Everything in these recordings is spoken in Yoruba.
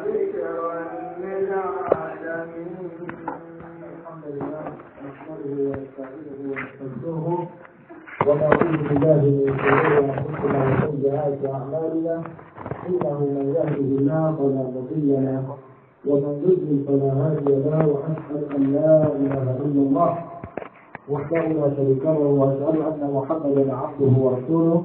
ونعوذ بالله من شرور انفسنا وسيئات اعمالنا انه من يهده الله فلا مضل له ومن يضلل فلا هادي له واشهد ان لا اله الا الله وحده لا شريك له واشهد ان محمدا عبده ورسوله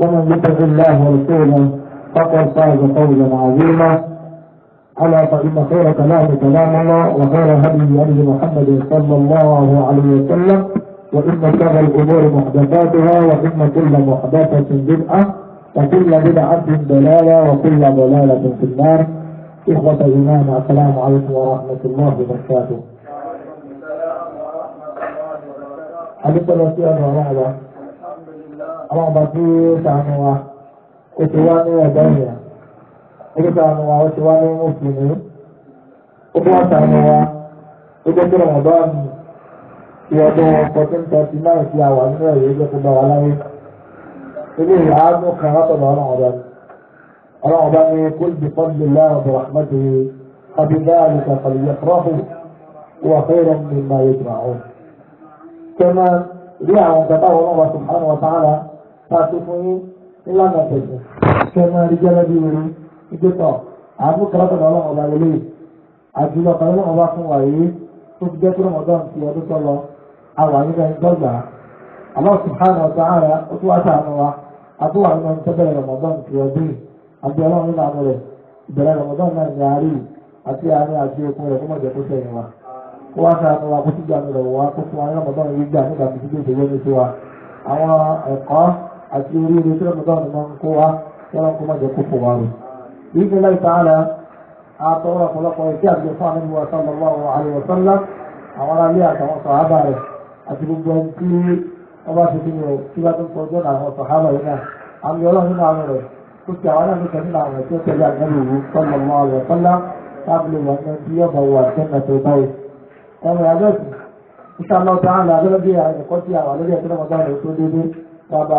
ومن يطع الله ورسوله فقد فاز فوزا عظيما ألا فإن خير كلام كلام الله وخير هدي هدي محمد صلى الله عليه وسلم وإن شر الأمور محدثاتها وإن كل محدثة بدعة وكل بدعة ضلالة وكل ضلالة في النار إخوة الإيمان السلام عليكم ورحمة الله وبركاته. عليكم السلام ورحمة الله وبركاته. àwọn ọba tí ó sànù wa ó ti wá ní ẹ̀gbẹ́ ìyà ó ti sànù wa ó ti wá ní mùsùlùmí ó ti wá sànù wa ó jẹ́ kí ọmọ bá ti ọdún fourteen thirty nine ti àwà nínú ẹ̀yẹ jẹ́ kó bá wa láyé ilé ìhàánú kan látọ̀dọ̀ ọlọ́run ọba ni ọlọ́run ọba ni kó lè fọ́n lè láàrín ọ̀dọ̀ àmọ́tò yìí ọbí náà lè kàkàlì yẹ kúrọ́fù wà fẹ́rẹ̀ mi máa yẹ jùmọ̀ àwọn. kẹ́mà rí àwọn bàbá wọn wà sùn pàṣẹ fún yín nílànà tẹ̀sẹ̀ kẹ́ máa rí jẹ́ lẹ́bí rí ìgbé tọ̀ àánú kọ́lọ́tọ̀dọ̀ ọlọ́run ọba ilé àjùlọ kan ọlọ́run ọba fún wa yìí tó ti jẹ́ kúrò mọ́tọ́ Allah subhanahu wa ta'ala ó tún wá sàánú Ramadan ti ọdún yìí àbí ọlọ́run nínú Ramadan náà ní àárí àti àárín àti okun rẹ̀ kọ́mọ̀ jẹ́ kó sẹ́yìn wa kó wá sàánú wa kó Ramadan yìí gbà nígbà tó ti dé ìdíwọ́ ní tiwa àwọn ẹ̀kọ́ àti oríire tí ọmọdé ọ̀nà máa ń kó wá tọ́lọ́ kó má jẹ́ kó fò wá rò. Ìgbé láì tààlà àtọ́wọ́ ọ̀pọ̀lọpọ̀ ìṣẹ́ àgbẹ̀ fún àmì wa sọ́lọ́ wà wọ àlè wọ̀sánlá àwọn aráalé àtàwọn sọ̀hábà rẹ̀ àti gbogbo ẹni tí wọ́n bá ti fi rẹ̀ tí bá tó ń tọ́jú ọ̀nà àwọn sọ̀hábà yìí náà. Àmì ọlọ́run nínú àwọn rẹ̀ ó ti àwọn náà nìkan nínú àwọn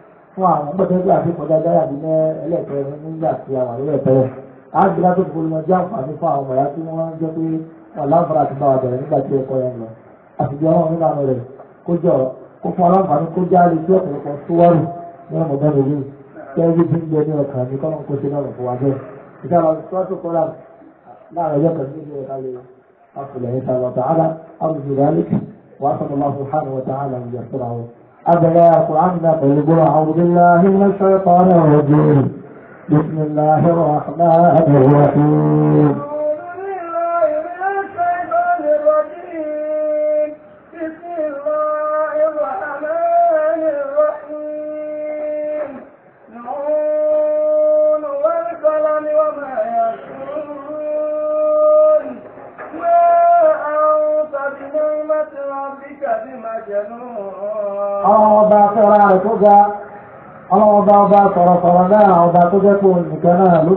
fún àwọn gbọ́dọ̀ bí àti kọjá na bí ní ya nígbà tí àwọn ẹlẹ́ẹ̀kẹrin àgbẹ̀dá tó na wọn àǹfààní fún àwọn ọ̀yá tí wọ́n jẹ́ pé wọn láǹfààní àti báwa bẹ̀rẹ̀ nígbà tí ẹ̀kọ́ yẹn lọ àtijọ́ ọ̀rọ̀ nínú àmì rẹ̀ kó jọ kó fún aláǹfààní kó já lè tí ọ̀pọ̀lọpọ̀ súwárù ní ọmọ bẹ́ẹ̀ lè tẹ́lẹ̀ bí ń gbẹ ní ọkàn mi kọ́nà kó ṣe náà fún wa bẹ́ẹ̀ àwọn أبلا تعلق البر أعوذ بالله من الشيطان الرجيم بسم الله الرحمن الرحيم ọba ọba sọ̀rọ̀sọ̀rọ̀ náà ọba tó jẹ́ pé olùkẹ́ náà ló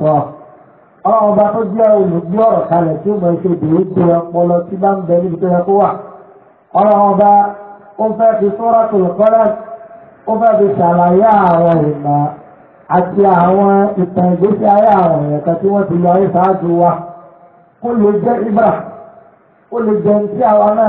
sọ. ọba tó jẹ́ olùgbé ọ̀rọ̀ kalẹ̀ tí ó mọ̀ ṣe ọpọlọ tí bá ń wà. ọba ó fẹ́ fi sọ́ra tó àwọn ìmọ̀ àti àwọn ìtàn ìgbésí ayé àwọn tí wa kó lè jẹ́ ibra lè jẹ́ tí àwa náà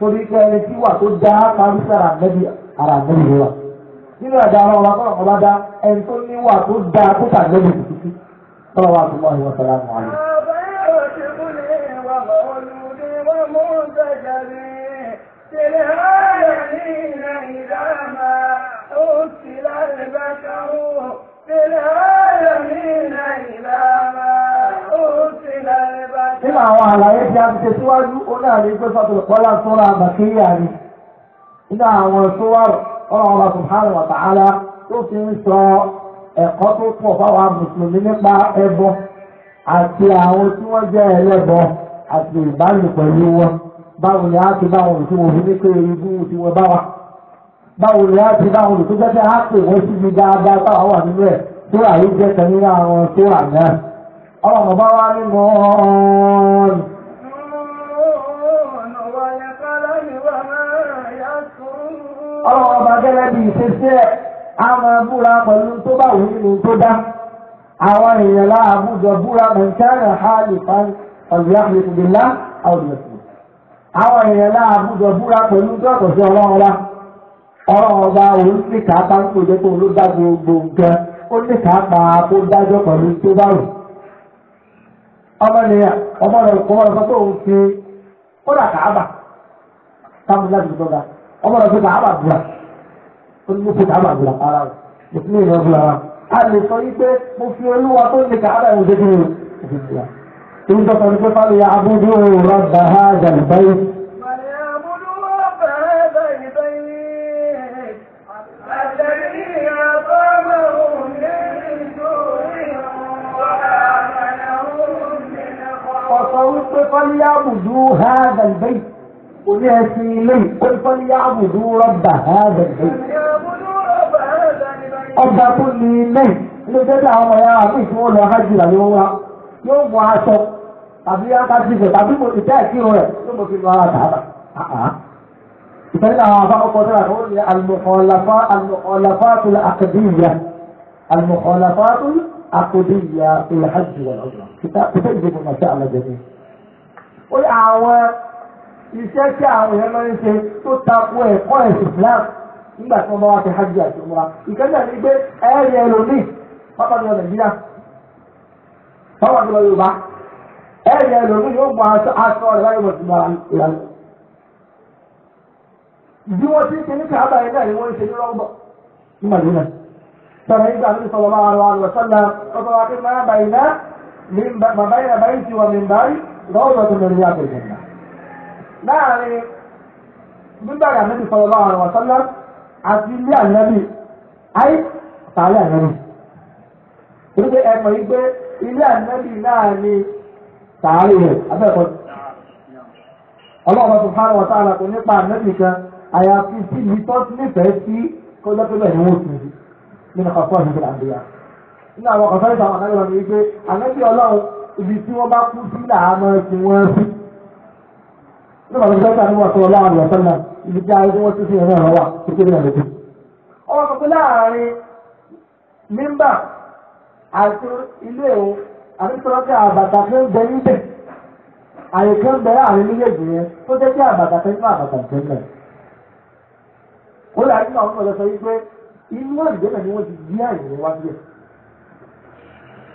torí pé ẹni tí wà tó dá parí sára nẹ́bí ara nẹ́bí rẹ̀ wà. nínú ẹ̀dá ara ọba kọ́nà ọba dá ẹni tó ní wà tó dá tó tà nẹ́bí títí tọ́lá wa tó máa ń wọ sọ́lá mọ́ ayé. Tẹ̀lé في العالمين إلى ما nínú àwọn àlàyé tí a ti ṣe síwájú ó ní àlè pé fàtòlù kọ́lá sọ́ra àbàkíyà ni nínú àwọn sọ́wárò ọlọ́run wa subhanahu wa ta'ala tó fi ń sọ ẹ̀kọ́ tó pọ̀ fáwọn mùsùlùmí nípa ẹbọ àti àwọn tí wọ́n jẹ́ ẹlẹ́bọ àti ìbálò wọn báwo ni a ti báwọn tí wọ́n fi ní pé irú tí wọ́n bá wà. báwo ni a ti báwo tó jẹ́ pé a pè wọ́n sí mi dáadáa táwa wà nínú ẹ̀ tó àyè jẹ́ kan nínú àwọn tó wà náà. ọlọ́run bá wá ní mọ́ọ́n. ọlọ́run ọba gẹ́gẹ́ bí ìṣesí ẹ̀ a máa búra pẹ̀lú tó bá wù nínú tó dá. àwọn èèyàn láàbùjọ búra mọ̀ntánà hálìfà ọ̀gbìn àpèkùnbìlá àwọn èèyàn láàbùjọ búra pẹ̀lú tó àkọsí ọlọ́run ọba òun ní ka ń pè jẹ́ pé òun ló gbogbo nǹkan ó ní kápá kó dájọ́ pẹ̀lú tó bá rò ọmọ ni ọmọ rẹ̀ kọ́ ọmọ sọ pé òun fi ó káàbà táwọn ga ọmọ fi káàbà ó ní fi káàbà ara a lè sọ yí pé mo fi olúwa tó ní káàbà ìjọba فليعبدوا هذا البيت قل اهتمي قل فليعبدوا رب هذا البيت ربا قل لي من لجدع ويا مثل ولو حجر يوم يوم معاشر طب يا قاسي جو طب يوم اتاكي هو يوم في الله تعالى فإن أعضاء قدرة هون المخالفات المخالفات الأقدية المخالفات الأقدية في الحج والعمرة كتاب تجد ما شاء الله جميل ó ní àwọn iṣẹ́ tí àwọn èèyàn máa ń ṣe tó tako ẹ̀kọ́ ẹ̀sìn Islam nígbà tí wọ́n bá wá ti hajj àti umra ìkẹ́lẹ́ ní pé ẹ̀rí ẹlòmíì pápá ní Nàìjíríà pápá ní Yorùbá ẹ̀rí ẹlòmíì yóò mọ aṣọ rẹ̀ láyé wọ̀ sínú ìlànà bí wọ́n ti ń ṣe ní káàbà yẹn náà ni wọ́n ń ṣe ní lọ́gbọ̀ sọ̀rọ̀ rawdatun min riyadil jannah láàrin gbígbàgbà níbi sallallahu alaihi wasallam àti ilé ànábì ayé sàálẹ̀ ànábì wípé ẹ̀mọ̀ yìí pé ilé ànábì náà ni sàárẹ̀ rẹ̀ abẹ́ẹ̀kọ́ ọlọ́run subhanahu wa ta'ala kò nípa ànábì kan àyàfi sí ibi tó nífẹ̀ẹ́ sí kọjá tó bẹ̀rẹ̀ wọ́n tù nínú kọ̀ọ̀kan ìgbàlódé yà nínú àwọn kọ̀ọ̀kan ibi tí wọ́n bá kú sí làámọ́ tí wọ́n sí. Nígbà tó sọ́kà ní wọ́n sọ láàrin ọ̀sán náà ibi tí ayé wọ́n ti fi hàn náà wà tó kéré náà lójú. Ọwọ́ sọ pé láàrin mímbà àti ilé ìwò àti sọ́kà àbàtà kan bẹ níbẹ̀. Àyè kan bẹ láàrin méjèèjì yẹn tó jẹ́ kí àbàtà kan nínú àbàtà kan náà. Ó dàbí àwọn ọmọ ìjọba sọ wípé inú àdìgbẹ́ náà ni wọ́n ti gbé àyè wá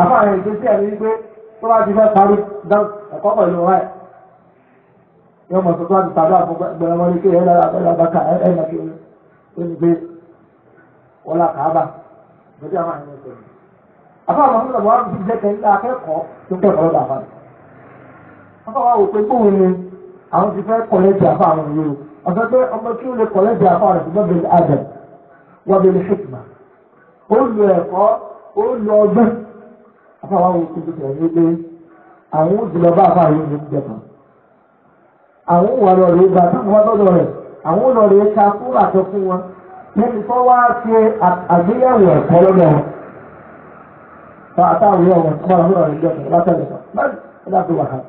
àfa àwọn èdè sí ẹ̀rí wípé tó bá ti fẹ́ parí ẹ̀kọ́ pẹ̀lú ọ̀rẹ́ yóò mọ̀ tó bá ti tàbí àgbẹ̀rẹ̀ wọn ní kí ẹ̀rọ abẹ́rẹ́ abáka ẹ̀rọ kí ó ní gbé wọn là kàá bà àwọn tó ní. àwọn ọmọ akẹ́kọ̀ọ́ tó kẹ́kọ̀ọ́ lọ́dọ̀ rẹ̀. wò pé ni àwọn ti fẹ́ kọ̀lẹ́jì àwọn yòó ọ̀sẹ̀ pé afáwọn àwọn òkú bìtẹ̀ ní pé àwọn òjìlọ bá afá yìí ní oúnjẹ àwọn òwà lọ rèé gba táwọn wá lọ́dọ̀ rẹ̀ àwọn lọ rèé ka kúrò àtọ fún wọn lẹ́nu tó wá ṣe àgbéyẹ̀wò ẹ̀kọ́ lọ́dọ̀ wọn. fa àtàwọn ìyá wọn kọ́ àwọn ọ̀rẹ́ ìjọ kan látàlẹ̀ kan báyìí ó dà wà hàn.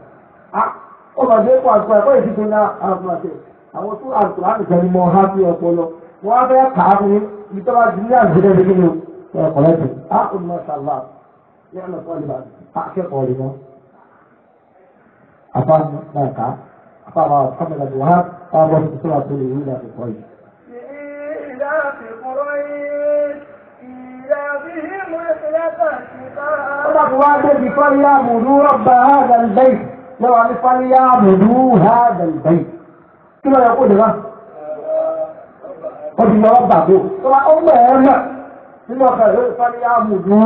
ó ní ọ̀nà tọ́lìbà akẹ́kọ̀ọ́ rẹ̀ wọn. àbá náà ká àbá àwọn ọ̀sánmọ̀ ìlànà wàhálà bá bọ́ sí sọ́ra tó lè rí ìlànà ẹ̀kọ́ yìí. Ọba kò wá dé bí fọ́lá mùdú rọ́bà hádà lẹ́yìn lọ́wọ́ ní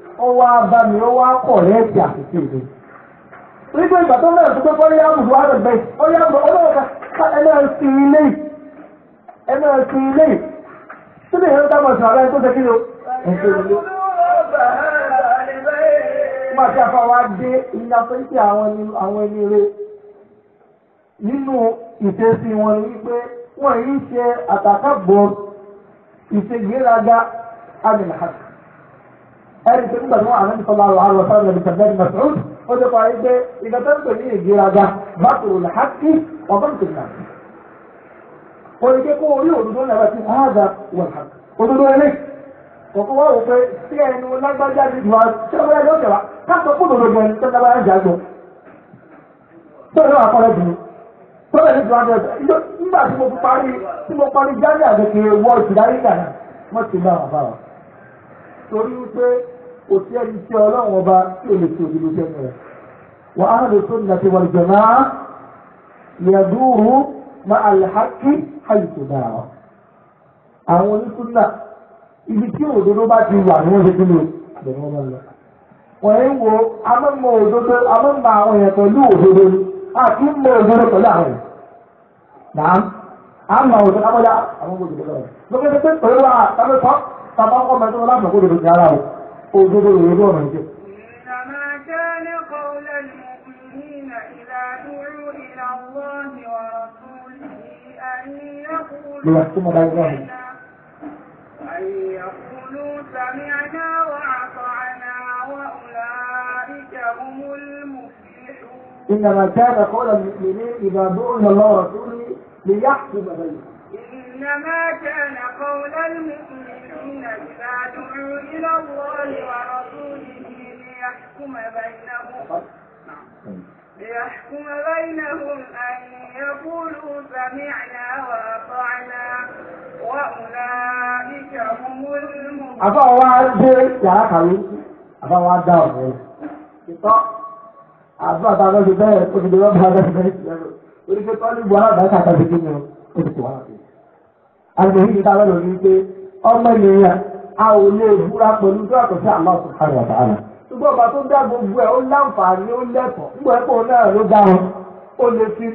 ó wá bá mi ó wá kọ̀ lẹ́ẹ̀tì àkókò mi. nígbà ìgbà tó náà sọ pé bọ́lá yàgùn wà rẹ̀ bẹ́ẹ̀ ó ilé ilé síbi ìyẹn mọ̀ sí tó ṣe kí ló ilé. wa dé ilé àwọn ẹni rẹ nínú wọn ni wípé wọ́n yìí ṣe àtàkàbọ̀ ìṣègbéraga àmì ẹni tó ń gbà níwọ̀n àwọn ìsọ̀lá àwọn àrùn ọ̀sán lẹ́nu kẹ̀kẹ́ mẹ́sàn-án ó ti parí pé ìgbàtà ń pè ní ìgbéraga bákòrò làákì ọgbọ́n tó nà. oríkẹ́ kó orí òdodo náà ti háàdà wọ̀ hàn òdodo ilé kòkó wá wò pé sí ẹnu lágbájá ni ìwà ṣẹ́wọ́n ẹni ó tẹ̀wá káàtó kó dòdò jẹ ní tẹ́lá báyà jà gbọ́. tó ní àkọlẹ̀ dùn tó lè ní ìwà nígbà tí mo parí tí mo parí jáde àgbẹ̀kẹ̀ wọ́ọ̀sì láyé kàná wọ́n ti bá wà bá wà. torí wípé kò sí ẹni tí ọlọ́run ọba tí ò lè tó òdodo sẹ́nu rẹ̀ wà á lè tó nàti wà jọ̀nà yàdúrú ma alhaki àyùkò dáa àwọn onísúnà ibi tí òdodo bá ti wà ní wọ́n ṣe kí ni àbẹ̀rẹ̀ wọn bá lọ. wọ́n ń wo amọ́mọ́ òdodo amọ́mọ́ àwọn èèyàn pẹ̀lú òdodo ni àti ń mọ òdodo pẹ̀lú àwọn èèyàn. náà àmọ́ òdodo amọ́dá àwọn òdodo pẹ̀lú lókè إنما كان قول المؤمنين إذا دعوا إلى الله ورسوله أن يقولوا أن يقولوا سمعنا وأطعنا وأولئك هم المفلحون إنما كان قول المؤمنين إذا دعوا إلى الله ورسوله ليحكم بينهم إنما كان قول المؤمنين الذين إذا دعوا إلى الله ورسوله ليحكم بينهم ليحكم بينهم أن يقولوا سمعنا وأطعنا وأولئك هم المؤمنون أفواد يا خليل أفواد دار àbúrò àtàwọn ọdún bẹ́ẹ̀ ó ti di wọ́n bá ọdún bẹ́ẹ̀ ti lẹ́nu orí pé tọ́lú ìbò aláàbá kàkà sí kí ni ó ti tù wá. àgbèyí ti dáwọ́ lórí pé ọmọnìyàn a ò na-ebura pẹ̀lú tó àtọ̀ sí Allah subhanahu wa ta'ala. ṣùgbọ́n ọba tó dá gbogbo ẹ̀ ó láǹfààní ó lẹ́kọ̀ọ́ gbogbo ahụ, náà ló ọba tí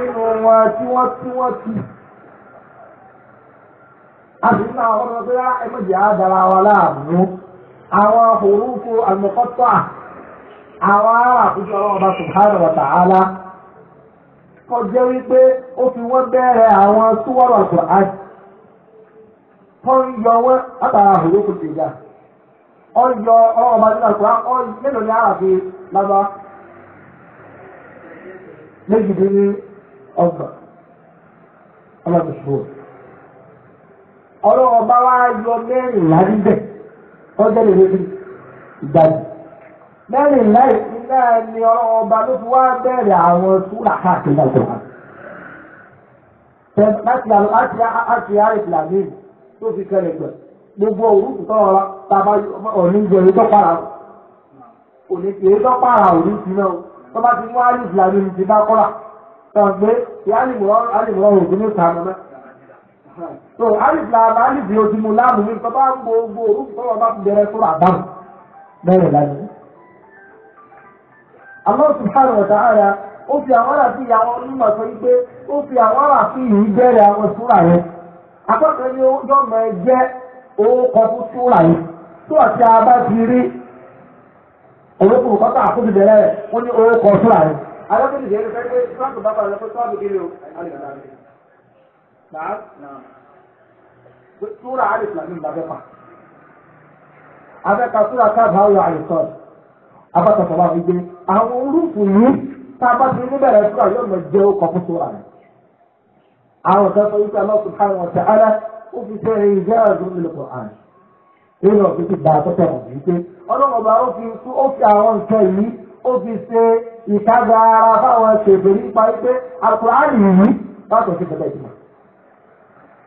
sí wọn ti wọn tí a sì nínú àwọn ọmọ pé ẹ mọ̀ jẹ́ àdára wa láàmú àwọn hurufu àmọ́kọ́tọ́ àwọn ará àkójọ ọlọ́run ọba subhanahu wa ta'ala kọjá wípé ó fi wọ́n bẹ̀rẹ̀ àwọn súwọ́rọ̀ Qur'an wọ́n yọ wọ́n látara hurufu tìjà ọyọ ọba nínú àkùrá ọyọ mélòó ní àràfi lábá méjìdínlọ́gbọ̀n ọlọ́dún ṣùgbọ́n ọlọ́wọ́ bá wá yọ mẹ́rin láti bẹ̀ ọjọ́ lè lórí ìgbàdì mẹ́rin láì náà ni ọlọ́wọ́ ọba ló fi wá bẹ̀rẹ̀ àwọn súrà káàkiri náà tó wà. láti àti àrẹ ìlànà tó fi kẹrẹ gbẹ gbogbo òwúrú tọrọ tàbá ọ̀ní jẹ èyí tó para òní èyí tó para òní ti náà tó bá ti mú àrẹ ìlànà ti bá kọ́ra tàn ìyá àlìmọ́ àlìmọ́ òògùn náà. so alif laam alif yóò ti mu papa mi bàbá gbogbo orúkọ tọ́wọ́ bá ti bẹ̀rẹ̀ fún àbámu bẹ́ẹ̀ lánàá. Allah subhanahu wa ta'ala o fi àwọn àràfi àwọn onímọ̀ sọ wípé o fi àwọn àràfi yìí bẹ̀rẹ̀ àwọn súrà yẹn akọ́kọ́ ni yóò mọ ẹ ti نعم سورة عارف لأمين بابقة abẹ́ka súra káàbà ayọ̀ àìsàn abátọ̀tọ̀lá wípé àwọn orúkú yìí tá a bá ti ní bẹ̀rẹ̀ súra yóò mọ̀ jẹ́ ọkọ̀ fún súra rẹ̀. àwọn kan sọ wípé aláwọ̀ subhanahu wa ta'ala ó fi ṣe ìjẹ́ àdúró nílò Qur'an. èyí lọ fi ti gbà tó tẹ̀wọ̀n yìí pé ọlọ́run ọba ó fi tú ó fi àwọn nǹkan yìí ó fi ṣe ìtajà ara báwọn ṣèbèrè nípa wípé Al-Qur'an yìí látọ̀ sí bẹ̀rẹ̀ ìtumọ̀.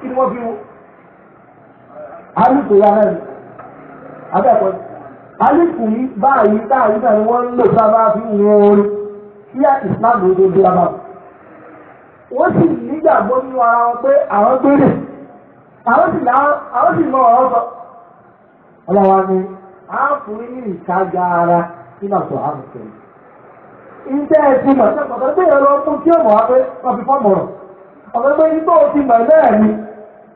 kí ni wọ́n fi ya alùpùpù yára ni abẹ́ẹ̀kọ́ alùpùpù yìí báyìí náà ni ń lò sábà fi wọ́n orí kí á ìsìláàmù ló dé lábà. wọ́n sì nígbàgbọ́ nínú ara wọn pé àwọn gbére àwọn sì lọ ọ̀rọ̀ sọ. ọlọ́wà ni a fún yín ìtajà ara nínú àtọ̀ àmì iṣẹ́ ẹ̀sìn mọ̀ ṣe pàtàkì ẹ̀rọ fún kí pé wọ́n fi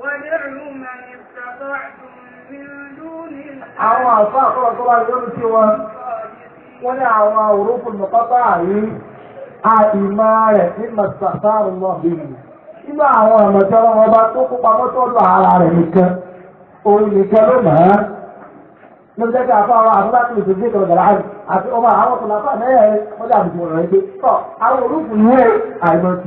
وادعوا من استطعتم من دون الله àwọn àfa àkọ́kọ́ tó bá lórí tí wọn wọ́n ní àwọn òrùkù lọ́pọ́pá àrí àìmọ́ rẹ̀ ní mọ̀sàtàrù náà bíi nínú àwọn àmọ̀tẹ́ wọn tó kópa ara rẹ̀ nìkan òun nìkan ló mọ̀ ẹ́ ló jẹ́ kí àfa àwọn àbúrò àti ìṣèjì ìkọ̀rọ̀ gbàrà àjù àti ọmọ àwọn kọ̀ọ̀lá fà náà ẹ̀ wọ́n dàbí tọ́ àwọn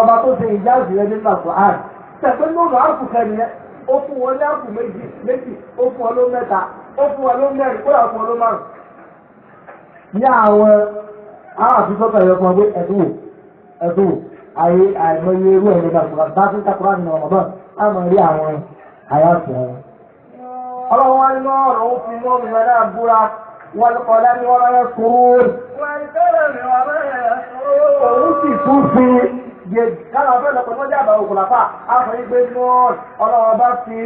ọba tó ṣe ìjáàzù yẹn nínú àpò àn tẹ̀pẹ́ lónà àpò kẹ́ni yẹn ó fún wọn ní àpò méjì méjì ó fún wọn ló mẹ́ta ó fún wọn ló mẹ́rin ó yà fún wọn ló márùn. ní àwọn àwọn àfihàn kan yẹn fún wọn pé ẹ̀dùn wò ẹ̀dùn wò àyè àìmọye irú ẹ̀rọ ìdàgbà bá ti ń takura nínú ọmọdé àmọ́ rí àwọn àyàfọ̀ wọn. ọlọ́wọ́n wá nínú ọ̀rọ̀ ó fi mọ́ mi náà búra wọ́n kọ́ lẹ́nu ọ̀rọ̀ yẹn kúrú. wọ́n ti tẹ́lẹ̀ mi wọ́n bẹ́ẹ̀ yẹn kúrú. òun sì tún fi yẹbi kára fẹ́ lọ pẹ̀lú ọjà àbàwò kòlàfà àfọ igbe nọ́ọ̀sì ọlọ́wọ́ bá fi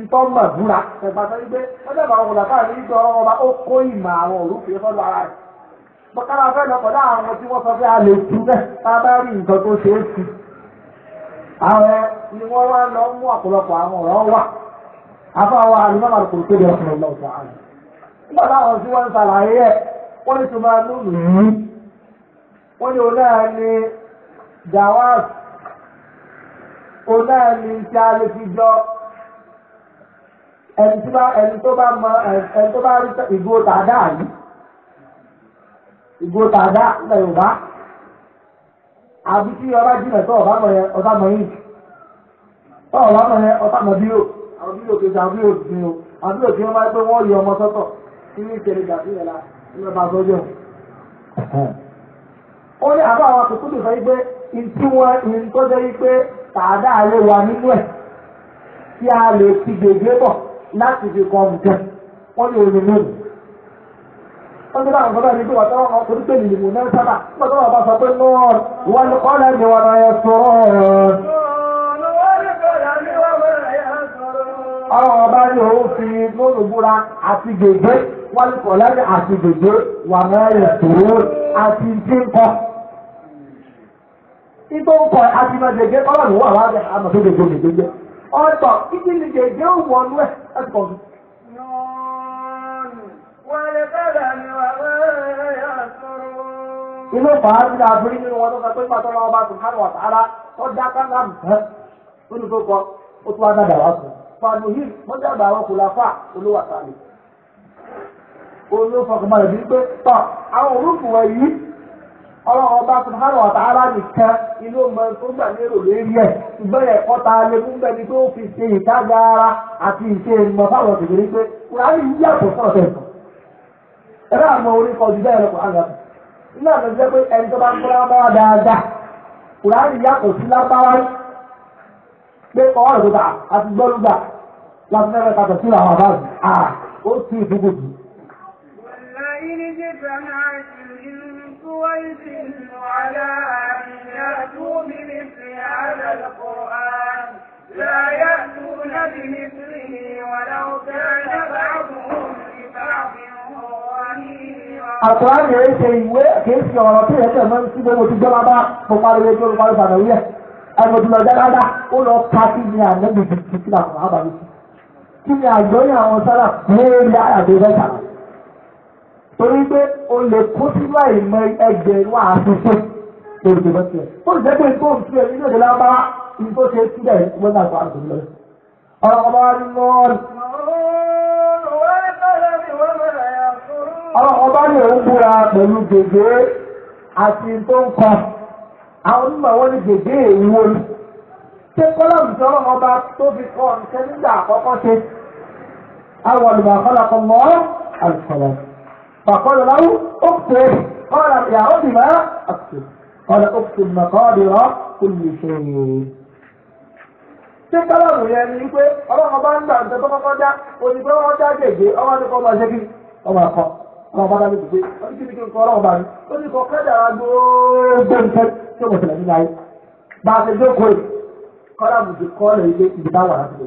ntọ́mọ̀ búra ẹ̀gbà tó igbe ọjà àbàwò kòlàfà ní ìgbà ọlọ́wọ́ bá ó kó ìmọ̀ àwọn òrùfẹ́ fọ́lọ́ ara rẹ̀ bọ́kára fẹ́ lọ pẹ̀lú àwọn tí wọ́n sọ pé a tu bẹ́ẹ̀ tá a bá rí nǹkan tó ṣe é tu àwọn ni wọ́n wá lọ mú ọ̀pọ̀lọpọ̀ àwọn ọ̀rọ̀ wà afáwọn alùmọ́mọ́ àlùkò tó lè ọ̀pọ̀lọpọ̀ lọ́wọ́ sọ nígbà táwọn tí wọ́n ń ṣàlàyé ẹ̀ jawab ọ̀nà ni tí a lè fi jọ ẹni tó bá mọ ẹni tó bá rí ìgò tàdá yìí ìgò yorùbá àbí tí ọba jìnà tó ọba mọ yẹn ọba ọba mọ yẹn ọba àwọn kejì àwọn o àwọn kejì wọn máa yọ ọmọ kí ní la ó ní àbá àwọn àkókò lè sọ wípé ìtí wọn ìtọ́jọ́ wípé tààdá alẹ́ wa nínú ẹ̀ tí a lè fi gbègbè bọ̀ láti fi kan nǹkan wọ́n lè rìn lónìí. wọ́n ti bá àwọn ọ̀gá mi pé wàtá wọn kò ní pè nìyí mò náà sábà wọ́n tó wà bá sọ pé nọ́ọ̀n wọn ni kọ́ lẹ́nu wọn náà yẹ sọ ọ̀rọ̀ ọba ni òun fi lónìí àti gbègbè wọ́n kọ̀ lẹ́nu àti gbègbè wà náà yẹ sọ̀rọ̀ àti jíǹkọ́. ibe ụkọ adịma gègé kọ́lá ló wà láàrin àmọ̀ tó gègé gègé jẹ́ ọ̀tọ̀ kíkí ni gègé ò wọ̀ nú ẹ̀ kọ ó tún wá dàgbà wá sùn fàánù yìí wọ́n dàgbà wọn kò láfà olówó àtàlẹ̀ olówó fọkànbalẹ̀ bíi pé tọ́ àwọn ọlọ́run ọba subhanahu wa ta'ala nìkan inú ọmọ tó gbà lérò lérí ẹ̀ ṣùgbọ́n ẹ̀kọ́ ta lè mú bẹni tó fi ṣe ìtajà ara àti ìṣe ìmọ̀ fáwọn òṣèlú pé kùránì yíyàtọ̀ fún ọ̀sẹ̀ ìtàn ẹ̀rọ àwọn oríkọ̀ ojú bẹ́ẹ̀ lọ́kọ̀ àgbà nígbà tó jẹ́ pé ẹni tó bá ń kọ́ lábára dáadáa kùránì yàtọ̀ sí lábára pé ọwọ́ rẹ̀ tó ta قويت على أن يأتوا بمثل هذا القرآن لا يأتون بمثله ولو كان بعضهم لبعض Àkùránì ẹ̀ ṣe ìwé kìí ṣe ọ̀rọ̀ tí ẹ̀ṣẹ̀ máa ń sí gbogbo ti gbọ́lá bá mo pariwo ojú olùkọ́ ìbàdàn orí ẹ̀. Àgbẹ̀dùmọ̀ ó lọ ka kí ni ànágbèbè ti sí àwọn àbàlẹ̀. Kí ni àjọyìn àwọn sára ní ilé àgbẹ̀bẹ̀ sàrà? torí pé o lè kó sínú àìmọ ẹgbẹ̀rún àfikún lórí ìjọba tiẹ̀. ó lè jẹ́ pé tó ń fi ẹ̀rí ní òde lábára ibi tó ṣe sílẹ̀ wọ́n náà fà á tó lọ. ọ̀rọ̀ ọba wa ni wọ́n. ọ̀rọ̀ ọba ni òun búra pẹ̀lú gègé àti tó ń kọ. àwọn onímọ̀ wọn ni gègé èèwọ̀ ni. ṣé kọ́lọ́mù tí ọlọ́mọ ọba tó fi kọ́ nǹkan nígbà àkọ́kọ́ ṣe. àwọn olùbàkọ́lá kan mọ́ àlùfọ̀lọ́. فقال له اكتب قال يا عبدي ما اكتب قال اكتب مقادر كل شيء ṣé kálọ̀mù yẹn ni wípé ọlọ́run bá ń gbà ǹjẹ́ tó kọ́kọ́ já onígbẹ́ wọn já gègé ọmọ ní kọ́ máa ṣe kí ọmọ àkọ́ ọmọ bá dábì dùgbé ọdún kí ni kí n kọ́ ọlọ́run bá mi ó ní kọ́ kẹ́dàrà gbogbo nǹkan tí ó mọ̀ sílẹ̀ nínú ayé bá a ṣe jókòó kọ́lá bùdù kọ́ lè gbé ìdìbò àti lè.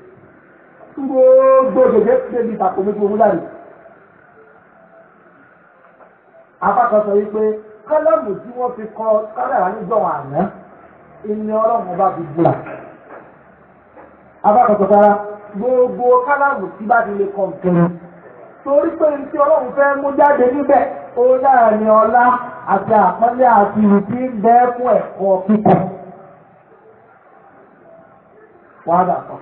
gbogbo gègé débi ìtàkùn mi gbogbo lánàá. apákan sọ wípé kọ́lọ́mù tí wọ́n fi kọ kádàrá nígbọ̀n àná ìní ọlọ́run ọba fi gbúra. apákan sọ sára gbogbo kádàrá tí bá ti lè kọ̀ nkiri torí pé ní tí ọlọ́run fẹ́ mú jáde níbẹ̀ ó náà ní ọlá àti àpọ́nlé àti ìrètí ń bẹ fún ẹ̀kọ́ kíkọ. wàhálà kan.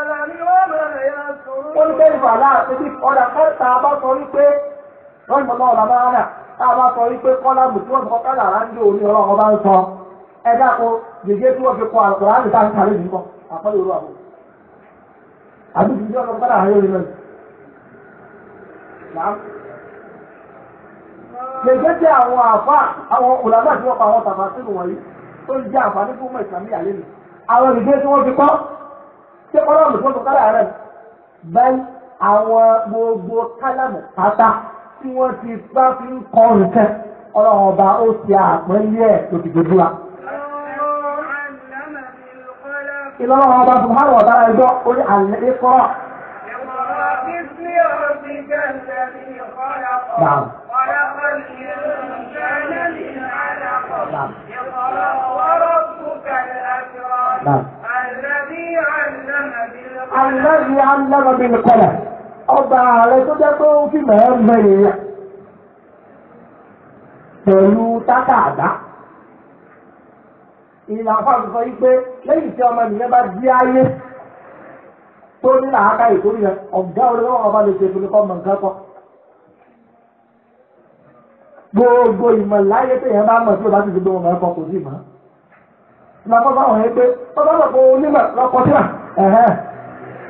ó ní kẹ́lí fàlà àtẹ́bí ọ̀dà kẹta bá sọ wípé wọ́n mọ̀ náà làbára náà tá a bá sọ wípé kọ́lá mùtí wọ́n sọ kọ́lá àránjó ní ọlọ́run bá ń sọ ẹ dáko gègé tí wọ́n fi kọ́ àbò ọlọ́run kọ́lá gègé tí àwọn àfa àwọn òlàmọ́ àwọn tàbá sínú wọ̀nyí tó ń àǹfààní fún mọ̀ ìsàmì báyìí àwọn gbogbo kálámù pátá tí wọ́n ti bá fi ń kọ́ nǹkan ọlọ́run ọba ó ṣe àpọ́nlé ẹ̀ tó ti dojú wa. ìlọ́run ọba subhanahu wa ta'ala ẹjọ́ orí àlẹ́ ẹ̀kọ́. Naam. alẹ́rìí alẹ́rọ̀bì nìkọlẹ̀ ọba ààrẹ tó jẹ́ pé fi pẹ̀lú tátàdá ìlànà àfàgùsọ yìí lẹ́yìn tí ọmọ nìyẹn bá di ayé tó ní làákà ìtòrí yẹn ọ̀gá ọba lè ṣe ìfúnnikọ́ nǹkan gbogbo ìmọ̀ láyé bá mọ̀ tí bá ti gbogbo ọmọ kò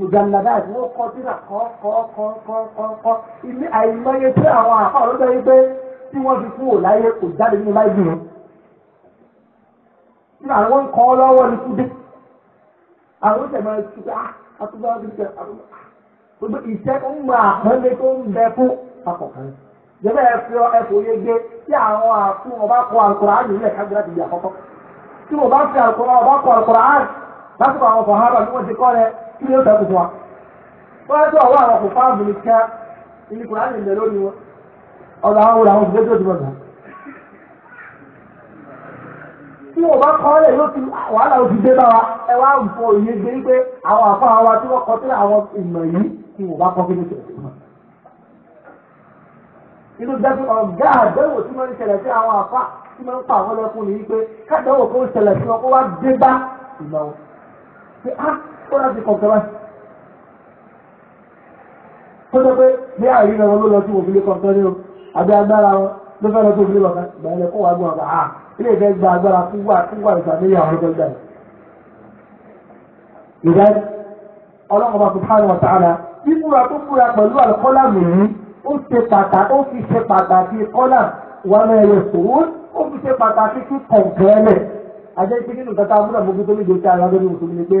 mùjàlábàt wọ́n kọ síra kọ́kọ́kọ́kọ́kọ́ ilé àìmọye tí àwọn àpá ọlọ́dọ̀ yìí pé tí wọ́n fi kúrò láyé kò jáde nínú láì dùn. Nígbà àwọn ń kọ́ kí ló sẹ́kù fún wa. wọ́n á tó ọwọ́ àwọn kò fáàmù ní kíá ní kò láti lè lórí wọn ọ̀dọ̀ àwọn olùrà àwọn òṣìṣẹ́ tó ti mọ̀nà. tí wọ́n bá kọ́ ọ́lẹ̀ yóò fi wàhálà òfin dé bá wa ẹ wá fọ òye gbé pé àwọn tí wọ́n kọ sí àwọn ìmọ̀ yìí tí wọ́n ó láti kọ̀ kẹ́ báyìí. ó sọ pé bí àárín náà wọn ló lọ sí òfin lé kọ̀ọ̀kan ní o àbí agbára wọn ló fẹ́ lọ sí òfin lé kọ̀ọ̀kan ìgbà ilẹ̀ kó wàá gbọ́n ọ̀gá à ah, ilé ìfẹ́ gba agbára fúnwà fúnwà ìsàmìlẹ̀ àwọn ọ̀gá ìgbà yìí. ìgbà ọlọ́kọ̀ọ́ba subhanahu wa ta'ala bíbúra tó búra pẹ̀lú àlùkọ́lá mìíràn ó ṣe pàtàkì ó fi ṣe pàtàkì kọ́là wà mẹ́rin sòwò ó fi ṣe pàtàkì sí kọ̀ǹkẹ́lẹ̀ àjẹ́ ìpínlẹ̀ nǹkan tá a múnà mójútó níjó tí a rà lórí ni pé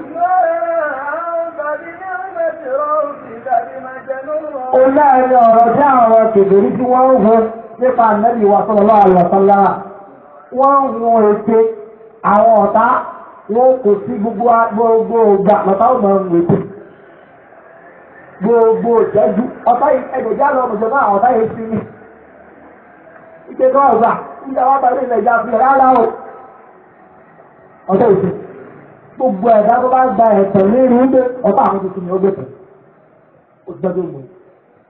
òun náà ni ọ̀rọ̀ tí àwọn kèbèrè tí wọ́n ń hun nípa ànábì wa sọ́lọ́lá àlọ́sọ́lá wọ́n ń hun ète àwọn ọ̀tá wọn kò sí gbogbo gbogbo ògbà lọ́tà ó máa ń wètè gbogbo ìjẹ́jú ọ̀tá ẹgbẹ̀já lọ mọ̀jọba àwọn ọ̀tá yẹn sí ni ìgbé kọ́ ọ̀gbà ìjà wa bàbá ilẹ̀ ìjà fi rárá o ọ̀tá ètò gbogbo ẹ̀dá tó bá gba ẹ̀tẹ̀ lérí ń gbé ọ̀tá àwọn tuntun ni ó gbé tẹ̀ ó ti gbẹ́dọ̀ mọ̀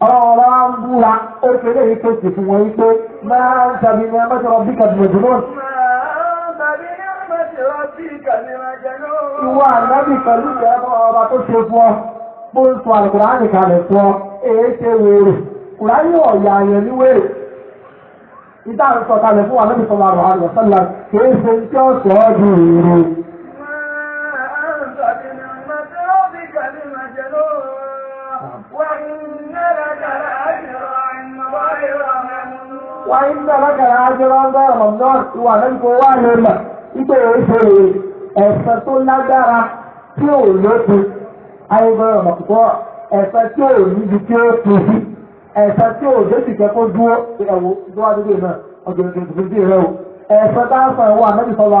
ọlọ́wọ́ bá ń búra ó ṣe lè tó sì fún wọn wípé máa dị tàbí ní ẹmẹ́sọ̀rọ̀ bí kàbí mẹ́jùmọ́. Ìwọ ọba tó ṣe ọ, bó ń sọ àlùkùránì kalẹ̀ ọ, èé ṣe wèrè, ọ̀yà àyàn ní wèrè. Ìdá fún sọ̀rọ̀ ń tí وإن لك لأجرا غير ممنون ìwàlẹ́kọ̀ọ́ wà ní a sàn wà mẹ́bí sọ́lá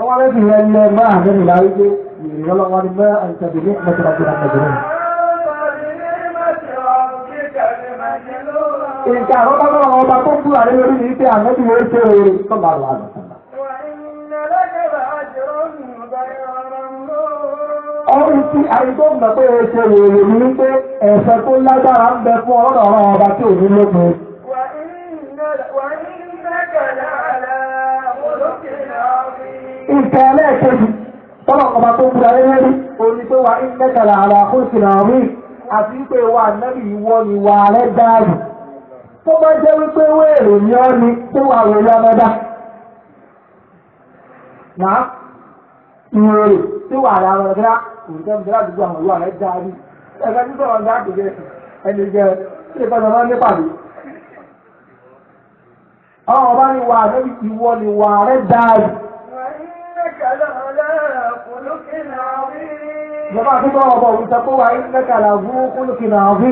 ọwọ́ lẹ́sìn rẹ̀ lẹ́ máa mẹ́rin láwí pé ìrọlọ́wọ́ ni mẹ́ àìsàbí ní mẹ́tìláṣí àmẹ́jìrín. Ìkà àwọn bàbá àwọn ọba tó kúrò àrẹ lórí ní pé àmẹ́bí yóò ṣe rere tó bá wà lọ. Ọrùn tí àìtó mọ̀ pé ó ṣe rere ní pé ẹ̀sẹ̀ tó lágbára ń bẹ fún ọ̀rọ̀ ọba tí ò ní lópin. Wà ní nǹkan ẹlẹ́ẹ̀kejì tọ́lọ̀ ọba tó kúra lẹ́lẹ́rí orí pé wa ìmẹ́kàlà àrà àkóṣìlà rí àti pé wa nẹ́bí ìwọ wà rẹ̀ dáàbò tó bá jẹ́ wípé wéèrè ni ọ́ ni tó wà rẹ̀ yọ wà àwọn ẹ̀dá òǹtẹ́mìtẹ́ láti ní àpèjẹ ní ni wà rẹ̀ Bàbá àtúntò ọ̀bọ̀ òun sọ pé wà ní lẹ́kàlà fún kúlùkì náà rí.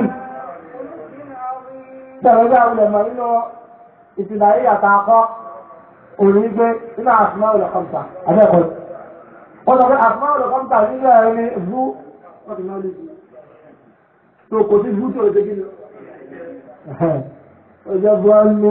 Bẹ̀rẹ̀ bí àwọn ẹ̀mọ̀ nínú ìsìnlẹ̀ ayé àtà akọ́ òní gbé nínú àfúnmá ọ̀lẹ̀ kọ́mta. Abẹ́ẹ̀kọ́. Wọ́n sọ pé àfúnmá ọ̀lẹ̀ kọ́mta nílẹ̀ rẹ̀ ni vú. Tó kò sí vú tó lè Ọjọ́ bu ọ́n ní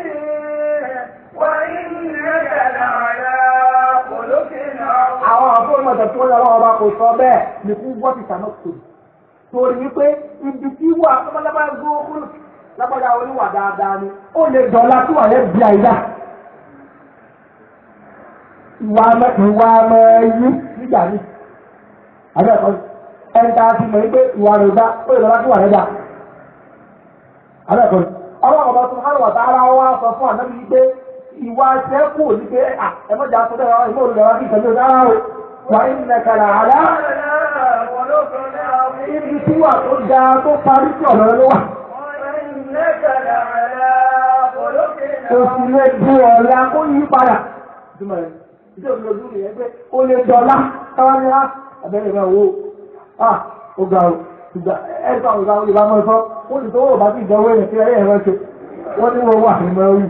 àwọn àbúrò ìmọ̀tẹ̀ tó lọ ọba kò sọ bẹ́ẹ̀ ní fún what is an option wípé ibi tí wà lọ́pọ̀lọpọ̀ gbóòkúrò lọ́pọ̀lọpọ̀ oníwà dáadáa ni ó lè dọ̀la wà àyíká ìwà ìwà nígbà ẹ̀ńtà ti mọ̀ wípé ìwà rẹ̀ dá ó lè dọ̀la wà hàn wà tá ìwà sẹ́kù ní pé ẹ̀mọ́jà fúnra wa ìmọ̀ olùdó wa kí ìtọ́jú náà o wà ní nàkàrà àlá. ibi tí wà tó da tó parí sí ọ̀nà ló wà. òsì lè di ọ̀la kó yí padà. o lè dọ̀la táwa ní wa abẹ́rẹ́ ìgbà wo ó ga o ẹ̀ka ọ̀gá olùbámọ́ ẹ̀fọ́ ó sì tó wọ́n bá ti dánwó ẹ̀yẹ̀ sí ẹ̀yẹ̀ rẹ̀ ṣe wọ́n ní wọ́n wà ní mẹ́rin.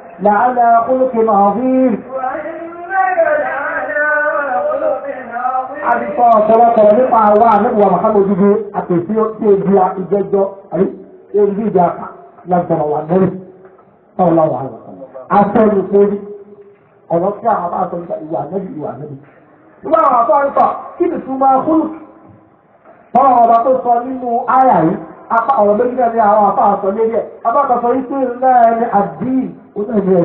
لعلى خلق عظيم Adìsọ́ ọ̀sọ̀lọ́sọ̀rọ̀ nípa àwọn àmìwà Màhámọ́dúdú àpèsí tí ó di ìjẹ́jọ́ àrí orí ìjà lágbàrá wà lórí ọ̀làwà àwọn. Asọ́nù pé ọ̀rọ̀ tí àwọn bá sọ nípa ìwà àmẹ́bí ìwà àmẹ́bí. Ìwà àwọn àbọ̀ nípa kí ni túmọ̀ kúlù? Bọ́lá ọba tó sọ nínú àyà yìí, apá ọ̀rọ̀ méjì náà ni àwọn àbá sọ onígbẹ́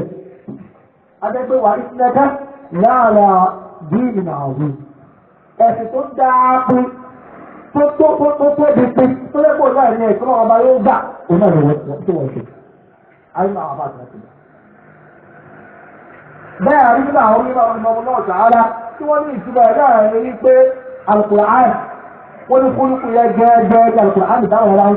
adẹ́gbẹ́ wà ìsinẹ́ká láàrá bíìlì n'ala ẹ̀sìn tó dáa pé tupu tupu tó tó tó di pé tó ọba yóò gbà òun náà lọ́wọ́ tó wọ́n ṣe ayé máa bá al ya al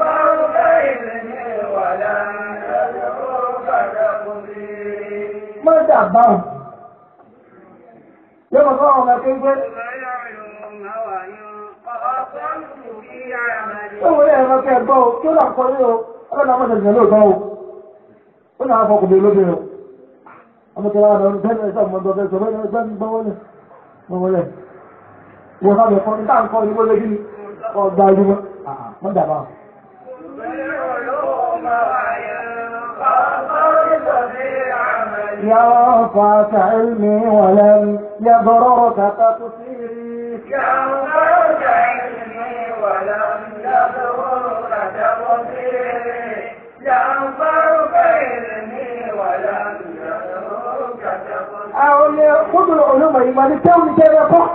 má dàbá wọn. Yóò mọ̀ fún ọmọ kéńgbé. Ìwé ẹ̀rọ kẹgbọ́ o, kí ó lọ kọ́ yóò, ọlọ́dà mọ̀ ṣẹ̀ṣẹ̀ lóòótọ́ o. Ó náà fọkùn mi lóbìnrin o. ينفعك علمي ولم يضررك تقصيري ينفعك علمي ولم يضررك تقصيري ينفعك علمي ولم يضررك تقصيري يا خذ العلوم إما لتوم كيفك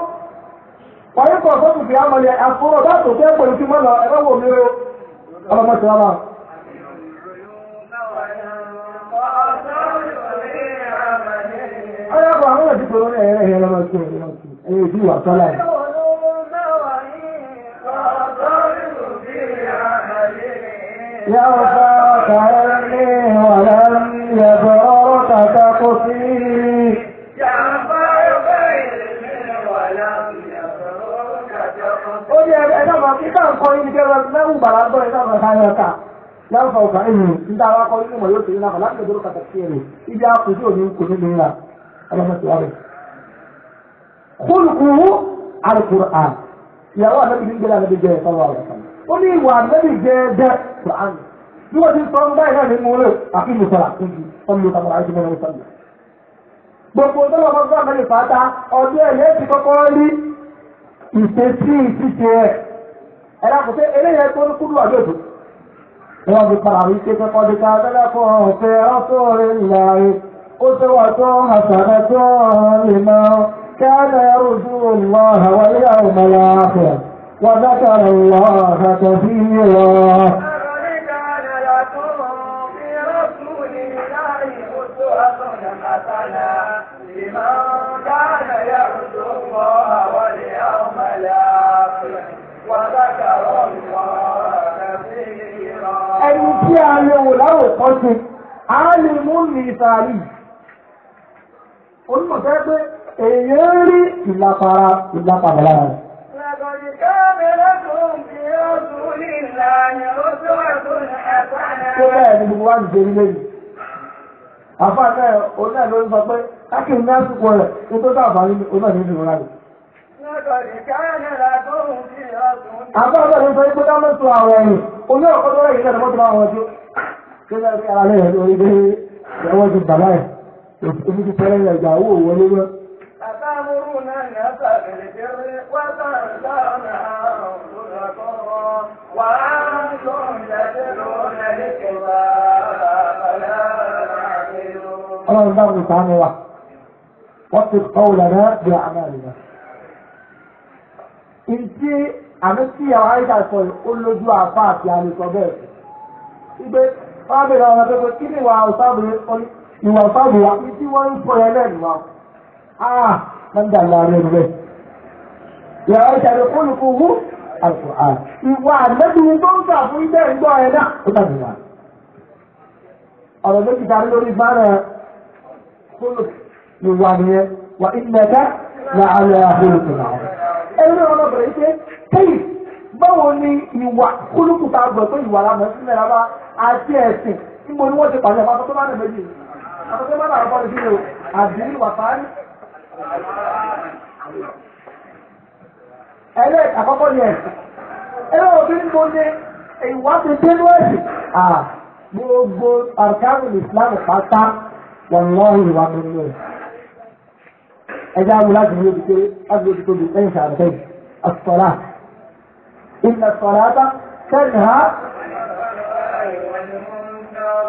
ويقع صوت في عمل أفضل ذاته كيف يتم لها أرى وميرو أرى ما شاء الله ndị àwọn ọ̀sìn tó rẹ̀ ẹ̀rẹ́ lọ́mọ sí ẹ̀rọ sí ẹ̀yẹ ìdí ìwà sọ́lá yìí. Yàwó bá kàrẹ́ ní ọ̀rẹ́ yẹ̀bọ̀ ọlọ́mọ̀tò wà bẹ́ẹ̀. kúlùkùrù alukur'an ìyàwó ànábì ní gbẹ́lẹ́ ànábì jẹ́ ẹ̀fọ́ wà lọ́sàn. ó ní ìwà ànábì jẹ́ dẹ́ kur'an bí wọ́n ti sọ ń báyìí náà ní mú lè àfihàn ìsọ̀rọ̀ àkójì ọmọ ìtàkùn àti mọ́nà ìsọ̀rọ̀. gbogbo ọdọ́lọ́ ọmọ fún àmàlẹ́ fàáta ọdún ẹ̀yẹ ti kọ́kọ́ rí ìfẹ́sí ìfìṣe ẹ̀ ẹ̀rọ àkùtẹ́ eléyẹ tó ń kúrú àjọ̀dù. wọ́n ti pàrọ̀ wípé kẹ́kọ̀ọ́ أسوة حسنة لمن كان يرجو الله واليوم الآخر وذكر الله كثيرا Ẹni tí a lè wò láwòkọ́ sí, onímọ̀ fẹ́ pé èèyàn rí ìlàpàrà ìlàpàdà lára rẹ̀. tó ló sọ pé káàkiri tó àwọn ẹ̀yìn oní tó rẹ̀ yìí lẹ́nu mọ́tò àwọn ọjọ́ tó lẹ́nu ara rẹ̀ lórí dé ẹ̀wọ́n ti bàbá ẹ̀ òfin ti tẹ́lẹ̀ yẹn ìgbà owó wọlé mọ́. أتأمرون الناس بالبر وتنسون أنفسكم وأنتم تتلون الكتاب فلا تعقلون. الله يبارك تعالى واحد. واتق قولنا بأعمالنا. Ntí àmì tí àwọn àyíká sọ yìí ó lójú àpá àti àlè sọ bẹ́ẹ̀. Ibẹ̀ wọ́n á bèèrè àwọn ọmọ pé kí ni ìwà ọ̀sán obìnrin ìwà sábà wa ní tí wọ́n ń sọ ẹ lẹ́nu wa áà ah, lọ́dà láàrin ẹnu rẹ̀. yàrá ìṣàlẹ̀ olùkọ́ wú àlùkò à ìwà àlẹ́bí tó ń sà fún ilé ìgbọ́ ẹ náà ó dàbí wa. ọ̀rọ̀ méjì ta lórí bára kólò ní wà nìyẹn wà ìmẹ̀ká là àlẹ́ àbúrò náà. ẹni ọlọ́bìnrin ṣe kéyì báwo ni ìwà kólókùtà gbọ̀ pé ìwà làmọ̀ sílẹ̀ rárá àti ẹ̀sìn níbo ni wọ́n àtọ́jọ́ má bàa bọ́ sí o àbí wàfáàní. ẹlẹ́ àkọ́kọ́ ni ẹ̀sìn ẹlẹ́ òfin mo ní ìwà ti dínú ẹ̀sìn gbogbo àrùkárùn Islam pátá wọn lọ́rùn ìwà mi ní ẹ̀sìn ẹjẹ́ àwọn láti ní ojúkó láti ojúkó bí ẹ̀yìn sàrẹ́tẹ̀ àsọ̀rà ìnà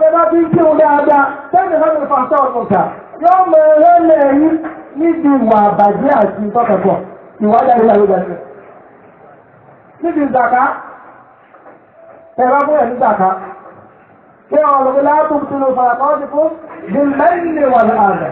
tẹ bá ti kírun dáadáa sẹ́ni lọ́dún fàṣẹ ọ̀tọ̀ọ̀tà yóò mọ eré lẹ́yìn níbi ìwà àbàjẹ́ àti ìtọ́kẹ̀kọ̀ ìwà jáde láyé jáde. níbi ìzàká tẹ bá fún ẹ̀mí ìzàká kí ọ̀rọ̀ mi látò tìlù fàlàkọ́ ti fún bí mẹ́rin ni wà ní àgbẹ̀.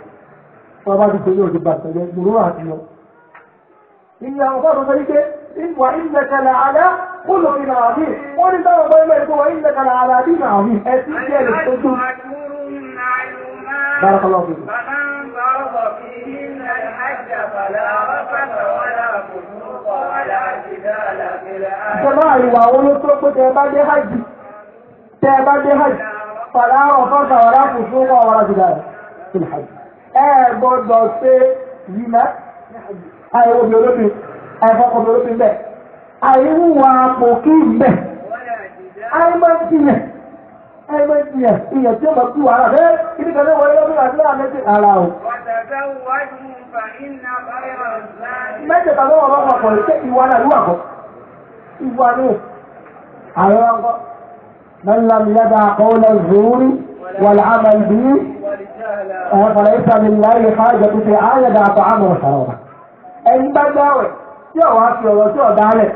wọn bá ti torí òde bàtà rẹ gbòòrò àti lọ. ìyá àwọn bàbá sọ wípé ìwà ìlẹ̀kẹ̀lẹ̀ àdá kó lọ ìlà àmì wọn ní sábà bá ilé ìfowó ìlẹ̀kẹ̀lẹ̀ àdá àti ìlà pé tẹ bá dé hajj tẹ bá dé hajj fàlà ọ̀fọ̀ta wàlá fùsùn wà wàlá jìdá في الحج ẹ gbọ́dọ̀ ṣe yìnbá àìwò bí olóbi àìfọkọ bí olóbi bẹ́ẹ̀ àìwúwa àpò kí bẹ́ẹ̀ àìmọ̀tìyàn àìmọ̀tìyàn ìyẹn tí ó mọ̀ sí wàhálà bẹ́ẹ̀ ibi kan náà wọlé lọ́bí wà sílẹ̀ àmẹ́tì ara o. mẹ́tẹ̀ tàbí wọn bá papọ̀ ṣé ìwà náà lúwà kọ́ ìwà náà àwọn ọkọ̀ mẹ́lá mi yá dáa kọ́ ọ́ zòórí wàlá àmàlì bíi. فليس لله حاجة في عاية طعامه وشرابه ẹni bá dáwẹ̀ tí ọ̀wá fi ọ̀rọ̀ tí ọ̀dá rẹ̀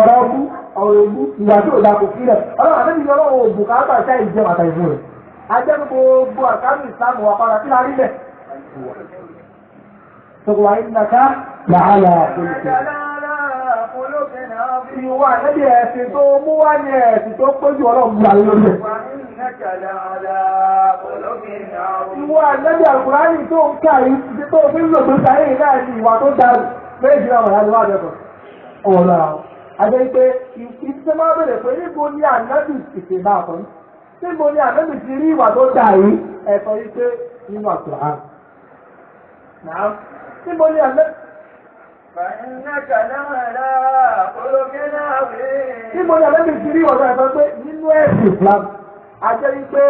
ọ̀rọ̀ ọkú ọ̀rọ̀ ìlú ìwà tí ọ̀dá kò sílẹ̀ ọlọ́run àti ìjọba òwò bùkátà ṣá ìjẹun àtàìfún rẹ̀ ajẹ́nu gbogbo àkáàmì ìsìlámù wa padà sílá rí bẹ̀. sọ̀rọ̀ wa iná ká làálà olùkẹ́. ìwà ẹ̀dí ẹ̀sìn tó mú wá ní ẹ̀sìn tó péjú ọlọ́run gbà lórí rẹ̀. Ìwọ àgbẹ̀bí àkùránì tó ń kà yìí tó fi ń lò tó kà yìí náà ni ìwà tó dàrú méjì náà wà láti wá dẹ̀kọ̀. Ọ̀la àjẹ́ pé ìṣẹ́ máa bẹ̀rẹ̀ pé níbo ni ànábì ìṣe máa kọ́ níbo ni ànábì ti rí ìwà tó dà yìí ẹ̀kọ́ yìí pé nínú àkùránì. Níbo Níbo ni ànábì ti rí ìwà tó dà yìí pé nínú ẹ̀sìn Islam àjẹ́ wípé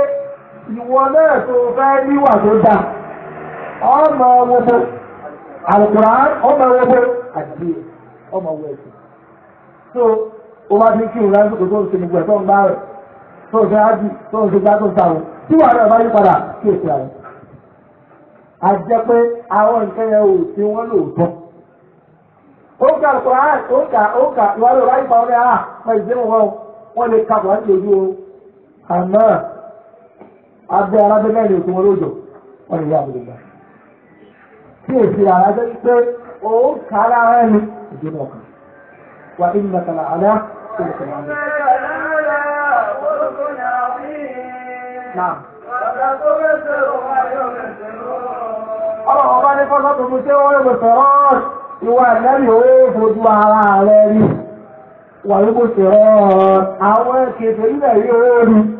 ìwọ náà tó fẹ́ níwà tó dà ọmọ wọbo Al-Qur'an ọmọ wọbo àti ọmọ wọ ẹ̀sìn so ó bá ti kí òun lásìkò tó ń ṣe gbogbo ẹ̀ tó ń bá rẹ̀ tó ń ṣe ájú tó ń ṣe gbá tó ń ta òun tí wàá náà bá yí padà kí èsì àwọn àjẹ́ pé àwọn nǹkan yẹn ò tí ah, wọ́n lóòótọ́ òǹkà Al-Qur'an òǹkà òǹkà ìwà lóòótọ́ ìpàwọ́ ní àá pẹ̀lú ìdí wọn lè ka bọ̀ láti ojú oorun àná abẹ́ alábẹ́lẹ́ ìlú òkun olóòjò wọ́n lè àbúrò gbà. Tí èsì àrájọ́ pé òun kára rẹ̀ ni ìdílé ọkàn. Wà ní ìmọ̀kànlá àlá tó lè tẹ̀lé àná. Ọ̀rọ̀ ọba ní fọ́nà tó mú sí wọ́n lè ìwà fojú ara rẹ̀ rí. Wà kò àwọn owó rí.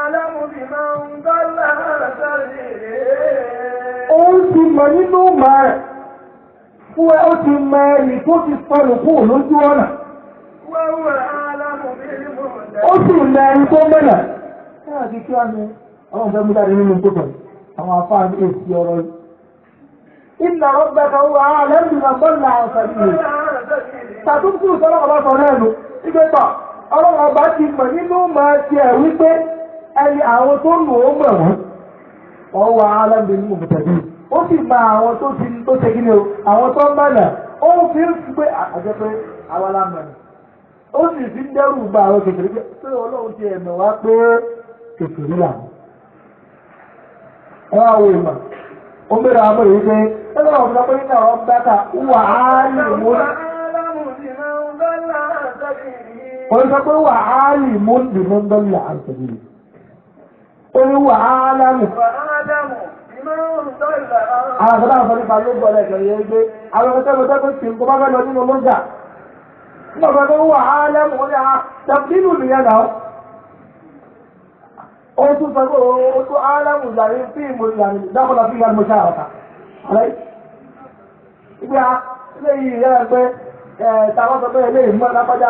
òun ti mọ̀ nínú màá rẹ̀ fún ẹ ó ti mọ ẹni tó ti pẹ̀lú kù lójú ọ̀nà. ó sì lẹ ẹni tó mẹ́nà. ṣé kí wá ní àwọn ìfẹ́ mú jáde nínú tókàn àwọn afáà ní èsì ọ̀rọ̀ yìí. ìlà ọgbà na wà á lẹ́nu ìgbà gbọ́dọ̀ ẹni àwọn tó nù ó mọ̀ wọ́n ọwọ́ aláǹdè ní mọ̀tẹ́bí ó sì mọ àwọn tó ti tó ṣe o àwọn tó ń bàlẹ̀ ó fi ń pé pé àwa la mọ̀ ó sì fi ń dẹ́rù gba àwọn kékeré pé ọlọ́run ti ẹ̀mọ̀ wá pé kékeré làwọn. ẹ wá wo ìmọ̀ ó ń àwọn èyí pé ẹ lọ́wọ́ ọ̀gbọ́n pé bàtà wà á lè mú pé wà á lè mú olúwa álámù. àwọn àgbàdo àwọn sọ́dún pàdé bọ̀ lẹ́kẹ̀ẹ́ yẹn gbé àwọn ọ̀sẹ̀ tó tẹ́kọ̀ọ́ sí nǹkan lọ nínú mọ́jà. tó wà ní a ah, tẹ̀sílù nìyẹn a ilé yìí yára pé tàwọn ilé ìmọ̀ lápájá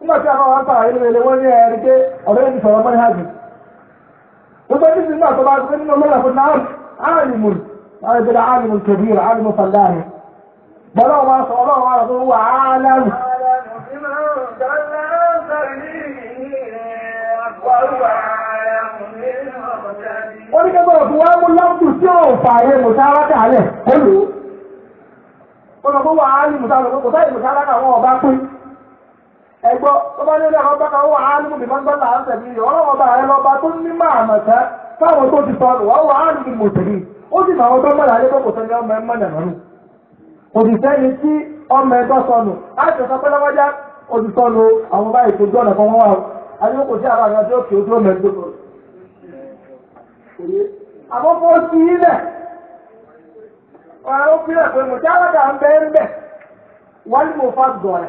nígbà tí àwọn àwọn àtàwọn ìlú ilé wọn ní ẹ̀rí pé ọ̀rẹ́ mi sọ̀rọ̀ mọ́ni hajj gbogbo ní sinimá tó bá gbé nínú lọ́la fún náà áàlìmù ẹgbọ́ ọba bá nílé ọba bákan wà á nínú bíbá ń bá làá sẹ̀bi yìí ọlọ́wọ́ bá ẹ lọ́ba tó ní máa mọ̀ sẹ́ fáwọn tó ti sọ wà wà á nínú mòtẹ́lì ó sì máa wọn tó mọ̀lá sẹ́ni ọmọ ẹ mọ̀ nàánú. òṣìṣẹ́ ni tí ọmọ ẹ tọ́ sọnù láti lọ́wọ́já sọnù àwọn báyìí tó kan wọ́n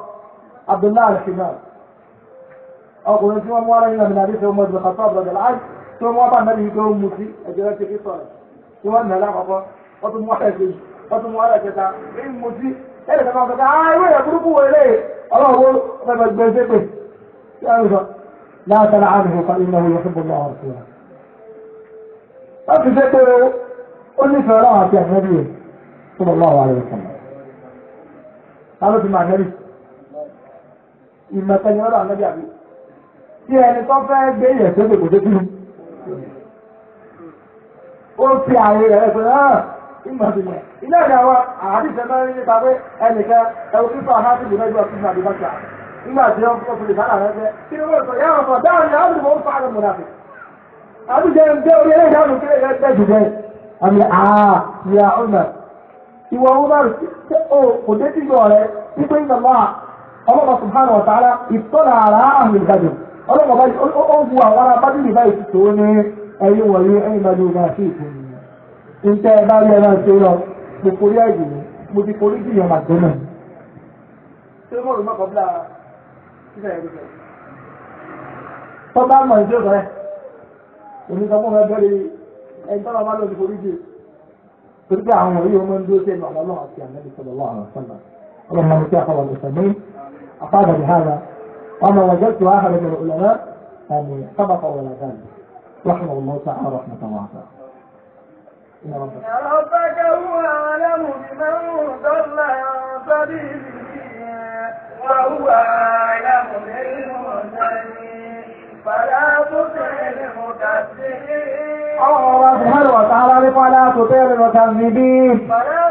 abdullahi al-shimam ọkùnrin tí wọ́n mú ara nínú àmìnàdé tí ọmọ ìgbà kàtọ́ àbúrò dàlá tí wọ́n bá nàbí yìí tó ń mu sí ẹ̀jẹ̀ rẹ̀ ti fi sọ̀rọ̀ tí wọ́n nà lákọ̀ọ́kọ́ wọ́n tún mú ara ẹ̀kejì wọ́n tún mú ara ẹ̀kẹta èyí mu sí ẹ̀rẹ̀ kan kọ́kọ́ ah ìwé rẹ̀ burúkú wọ̀ ilé ọlọ́wọ́ ọmọ ẹgbẹ́ ṣépè e tí wọ́n sọ ìmọ̀tẹ́ni lọ́dọ̀ ànábì àbí tí ẹni tó fẹ́ gbé yẹ̀ sókè kò débi lu ó fi ààrẹ rẹ̀ pé hàn ah, ìmọ̀tẹ́ni ilé ẹ̀dá wa àdìsẹ́ náà ní nípa ẹnìkan ẹ̀rù kíkọ́ àhábìlì mẹ́jọ ọ̀sùn àbí tí fún rẹ̀ jẹ́ kí ni wọ́n sọ ni ń fa ń orí àmì ah, ìyá ọ̀nà sí ọlọ́mọ subhanahu wa ta'ala ìtọ́lá ara àhùn ìgbàdì ọlọ́mọ bá ó bu àwọn ará ní bá ní bá rí ẹran ṣe lọ mo forí mi mo ti forí jìyàn náà. ṣé mo rò sílẹ̀ ẹ̀rọ rẹ̀? mọ̀ ìdí òní sọ أصاب بهذا وما وجدت أحد من العلماء أن سبق ولا ذلك رحمه الله تعالى رحمة واسعة يا ربك هو أعلم بمن ضل عن سبيله وهو أعلم بالمهتدين فلا تطع المكذبين الله سبحانه وتعالى فلا تطع المكذبين فلا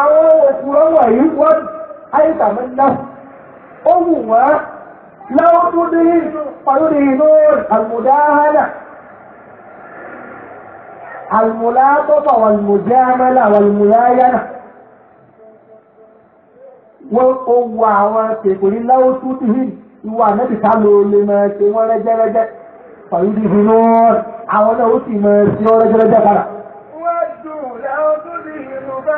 Àwọn òkú ọwọ̀ yìí wọ́n àìsàmì ńlá. Ó wù wá láwọ́ tó dé pàlórí inú àlùmùdáhálà. Àlùmùlátọ́fà wàlùmùjámálà wàlùmùláyánà. Wọ́n ó wù àwọn kèkòrí láwọ́ tó dé ìwà mẹ́bìká ló lè máa ṣe wọ́n rẹ́jẹ́rẹ́jẹ́ pàlórí inú àwọn náà ó sì máa ṣe ọ́ rẹ́jẹ́rẹ́jẹ́ padà. ìyẹn ní pé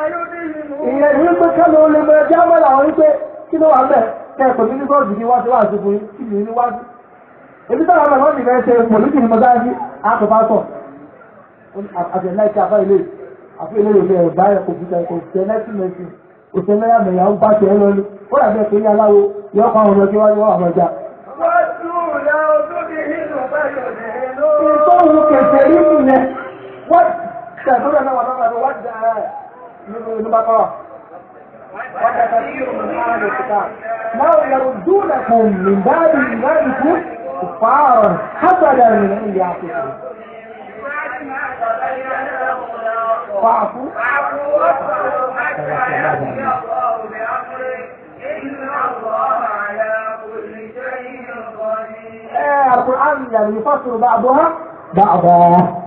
kẹ́lẹ́ o lè mọ ẹjẹ́ àwọn làwọn kí ló wà ń bẹ̀ ní sọ́ọ̀sì ní kí ni níwájú. èmi tọ́lá ọmọ ìwọ́n nìkan ṣe pòlítì ní mọ́sáájú ṣàtúrà náà wà náà wà wá dà nínú bàtọ́ wà dàtà sí ìrùn ààrẹ kíkà náà yàrá dúnà kùn ní báyìí ìwádìí kún kùfààrọ̀ hábàdà nínú ìyá àkókò. Fàáfú. Fàáfú ọ̀sán ọ̀hún àti àyàwó ọ̀hún ọ̀hún القرآن يفسر بعضها بعضا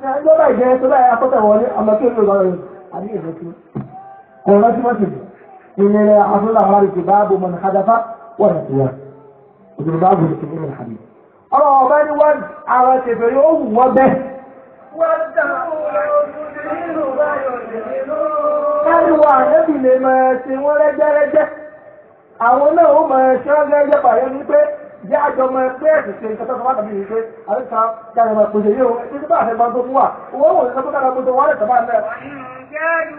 lọ́dà ìjẹ́ tó láyé akọ́tẹ̀wọlé àmọ́kí ló lọ́rọ̀ yìí àbí ìrètí kò rántí mọ́tì ìrìnlẹ̀ àtúnlá àwọn àrètí báàbò mọ̀nà hadafa wọ̀nà rẹ̀ rẹ̀ hàbí. ọ̀rọ̀ ọ̀bá ni wọ́n ara ṣèfè yóò wù wọ́n bẹ́ẹ̀. wọ́n dà káríwá àdébìlẹ̀ máa ṣe wọ́n rẹ́jẹ́rẹ́jẹ́ àwọn wọ́n rẹ́jẹ́ bí àjọ ọmọ ẹgbẹ́ ẹ̀sìn ṣe nǹkan tọ́tọ́ látàbí yìí pé àríkà káyọ̀ ọmọ ìpèsè yìí o títí bá àfẹ́ gbọ́n tó fún wa owó wò ní sọ́kọ́tà lọ́gbọ́n tó wà lẹ́sẹ̀ bá lẹ́. Bí a pè tó ti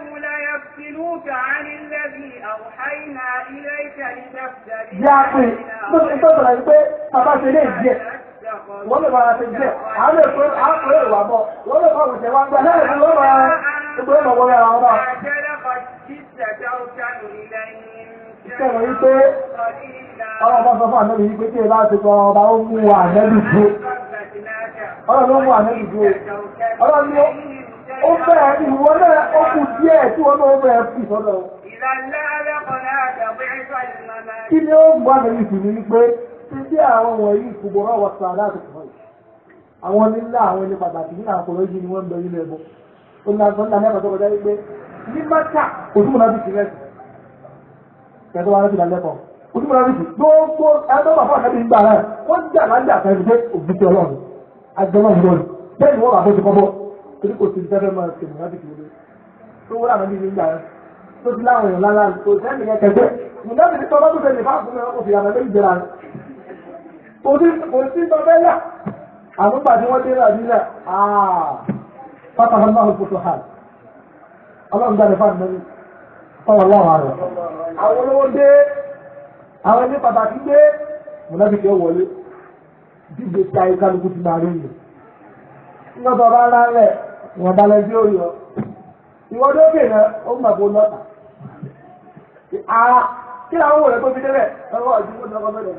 tó sọ̀rọ̀ yìí pé bàbá ṣe lé ìdíẹ̀ wọ́n lè bára ṣe díẹ̀ àwọn èkó àpò èrò àbọ̀ wọ́n lè bára ṣe sọ̀rọ̀ wípé ọlọ́run bá sọ fún ànẹ́bì wípé tí ìlà àti ọ̀rọ̀ ọba ó mú wa ànẹ́bì dúró ọlọ́run ló mú ànẹ́bì dúró ọlọ́run ló ó bẹ̀rẹ̀ ìwọ náà ó kù díẹ̀ tí wọ́n náà ó bẹ̀rẹ̀ fi sọ́dọ̀ kí ni ó gbọ́ ànẹ́bì sì ni wípé ti dé àwọn wọ̀nyí ìfúgbọ́rọ̀ wọ sàádà tó fún yìí àwọn nílá àwọn ẹni pàtàkì nínú àkọ́rọ́jì ni wọ́n ń bẹ ilé ẹbọ ó ní àtúntà mẹ́ta tó kọjá wípé ní mẹ́ta òtún náà ti ti mẹ́ta kẹtọ́ wa láti lálẹ́kọ̀ọ́ ojúmọ̀ láti fi gbogbo ẹgbẹ́ bàbá àkàbí ń gbà rẹ̀ wọ́n jà lájà fẹ́ fi dé òbítí ọlọ́run agbẹ́mọ̀ ìrọ̀lù bẹ́ẹ̀ ni wọ́n bàbá ti kọ́ bọ́ torí kò sí ní fẹ́fẹ́ máa ṣe mùnádì kì í lé tó wọ́n làwọn ibi ń gbà rẹ̀ tó ti láwọn èèyàn lálá kò sẹ́ni yẹn kẹgbẹ́ mùnádì ti tọ́lá tó fẹ́ lè fà fún mi wọn kò fi àmọ́ méjì jẹra rẹ̀ kò sí tọ́fẹ́ yà àwọn gbà tí wọ́n dé rà nílẹ̀ àà pátákó mẹ́rin ọlọ́run àrùn. àwọn olówó dé àwọn ilé pàtàkì dé mọ̀lẹ́bìkì wọlé díje tí ayé kálukú ti máa rí yìí. nígbà bá rán rẹ̀ wọ́n bá lọ orí ọ. ìwọ ló kè ó mà bó lọ́tà. kí làwọn wò rẹ̀ tó fi débẹ̀ ọwọ́ ọ̀dùn kó lọ́kọ́ mẹ́rin.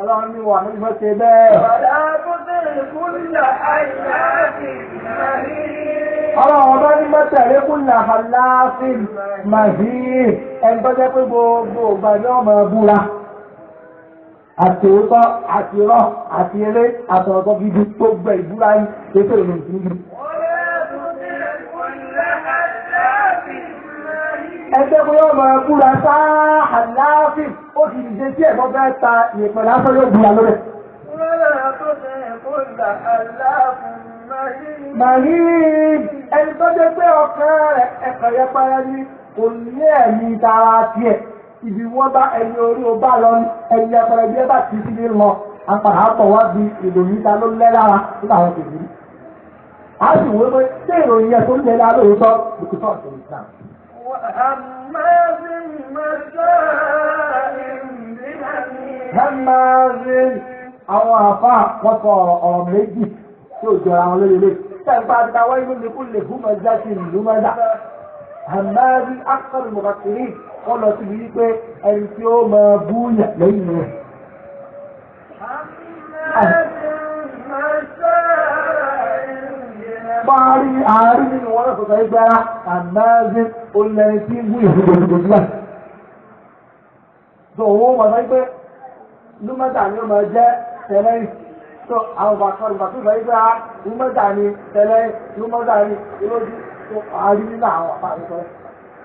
Ọlọ́run ní wà nígbà ṣe bẹ́ẹ̀. Bàdá tó tẹ̀lé kúlà àìláàfin màhíì. Ọlọ́run ọba nígbà tẹ̀lé kúlà àìláàfin màhíì. Ẹni tó jẹ́ pé gbogbo ìgbà ni wọ́n máa búra. Àti òótọ́, àti irọ́, àti eré, àtọ̀rọ̀tọ̀ gidi tó gbẹ ìbúra yìí ṣe fèrè Ẹgbẹ́ bóyá ọmọ ẹ̀kúra sáà àláàfin ó ti dìde sí ẹ̀mọ́ bẹ́ẹ̀ ta ìpẹ̀lú aṣọ yóò gbìyà lórí. màrí ẹni tó jẹ́ pé ọkàn rẹ̀ ẹ̀kọ́ yẹn pẹ́rẹ́ ní kò ní ẹ̀mí tara o bá lọ ẹni ẹ̀kọ́rẹ́ bí ẹ bá ti síbi lọ apàdà pọ̀ wá di ìròyìn ta ló lẹ́ lára nígbà wọn kò هماز مشاء àwọn àfa àkọsọ ọ̀rọ̀ méjì tí ò jọra wọn lórí ilé tẹ̀gbà dáwọ́ inú mi kú lè fún mọ́já sí ìlú mọ́já hàmáàbí akọ̀rọ̀ mọ̀kàkiri wọ́n lọ síbi wípé ẹni tí ó máa búyà lẹ́yìn rẹ̀. hàmáàbí mọ́já parí àárín nínú wọn náà sọ̀tà ìgbà àmàzín olùlẹ́ni tí ń bú ìfúgbòdùgbò sílá. tó owó wọn sọ pé lúmọ́tà ni ó máa jẹ́ tẹ́lẹ̀ tó àwọn bàtọ́rù bàtọ́rù sọ pé lúmọ́tà ah, ni tẹ́lẹ̀ lúmọ́tà ni olójú tó àárín nínú àwọn àpá àti sọ́rọ̀.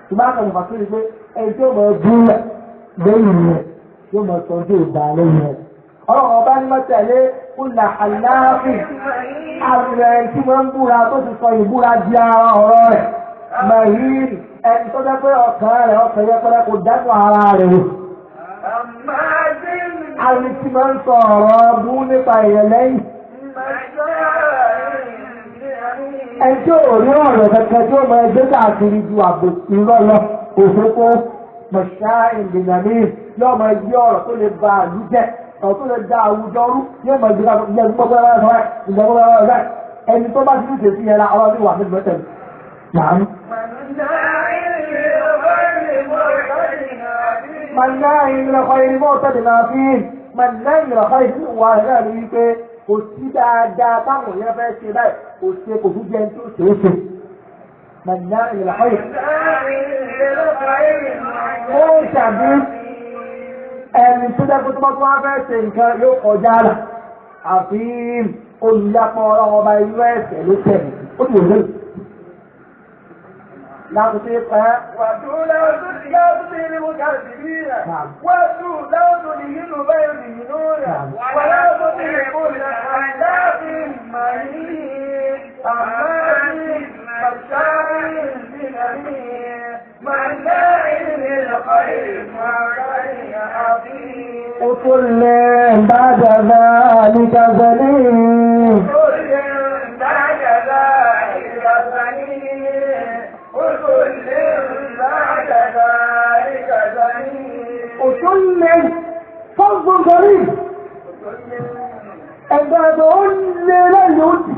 ṣùgbọ́n àkànlù bàtọ́rù pé ẹni tí ó máa bú lẹ́yìn rẹ̀ yóò máa sọ ọlọ́run ọba ní mọ́tẹ̀lé ńlá àláàfù àrẹ tí wọ́n ń búra tó ti sọ ìbúra di ara ọ̀rọ̀ rẹ̀ mahir ẹni tó jẹ́ pé ọkàn rẹ̀ ọkàn yẹpẹrẹ kò dẹ́nu ara rẹ̀ wò. àrẹ tí wọ́n ń sọ ọ̀rọ̀ bú nípa ìrẹ̀ lẹ́yìn. ẹni tí ò rí ọ̀rọ̀ kẹ̀kẹ́ tí ó mọ ẹgbẹ́ káàkiri ju àgbò irọ́ òfófó mọ̀ṣá ìdènà míì ọ̀tún ẹni tó bá ti ṣe sí yẹn la ọlọ́run wà ní ìgbẹ́ tẹ̀lé. Yàrá. Màná ìrìnàkọ̀ ìrìnàkọ̀ tẹ̀lé fi màná ìrìnàkọ̀ ìrìnàkọ̀ rẹ̀ rí pé kò sí dáadáa táwọn yẹn fẹ́ ṣe báyìí kò ṣe kò ẹni tó jẹ́ kótó tó wá fẹ́ ṣe nǹkan yóò kọjá là àfi olùyapọ̀ ọlọ́wọ́ bá irú ẹ̀sẹ̀ ló tẹ̀lé ó ti wòlé. Lákòóso pẹ́. Wàtú láwọn tó ti yá tó ti كتاب بنبيه مناع للخير معرض عظيم وكل بعد ذلك زنيم كل بعد ذلك زنيم وكل بعد ذلك زنيم وكل فضل غريب ẹgbẹ́ ẹgbẹ́ ó lé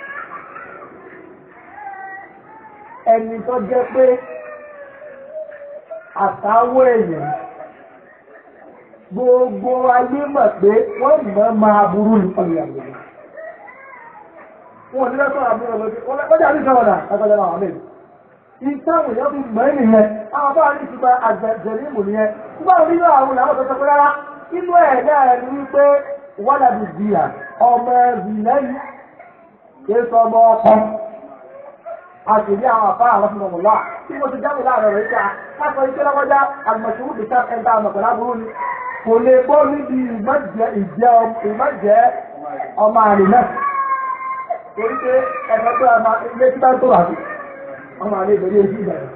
ẹni tó jẹ́ pé àtàwọn èèyàn gbogbo ayé mọ̀ pé wọ́n mọ̀ máa burú ní ọ̀yàwó wọn ní lọ́sọ̀ àbúrò lọ́jọ́ ọjà ní sọ́wọ́dà ẹgbẹ́jọ́ náà wọlé ìtàwọn èèyàn fi mọ̀ nìyẹn àwọn bá ní ìtura àjẹjẹrì ìmù nìyẹn nígbà wọn nínú àwọn làwọn tó sọ pé rárá inú ẹ̀ náà ní wípé wọ́n dàbí bìyà ọmọ ẹ̀bì lẹ́yìn kí sọ ọmọ ọkọ àṣìlí àwọn àfá àwọn fún ọmọ lọ́wọ́ tí mo ti jáde láàárọ̀ rẹ̀ ṣá kákan iṣẹ́ lọ́wọ́já àgbàṣubú ti sáà ẹ̀dá àmọ̀kànlá burú ni kò lè bọ́ níbi ìmọ̀jẹ́ ọmọ àrè náà torí pé ẹ̀fọ́ pé ọmọ ilé tí bá ń tó wà sí ọmọ àrè ìbẹ̀rẹ̀ ojú ìbẹ̀rẹ̀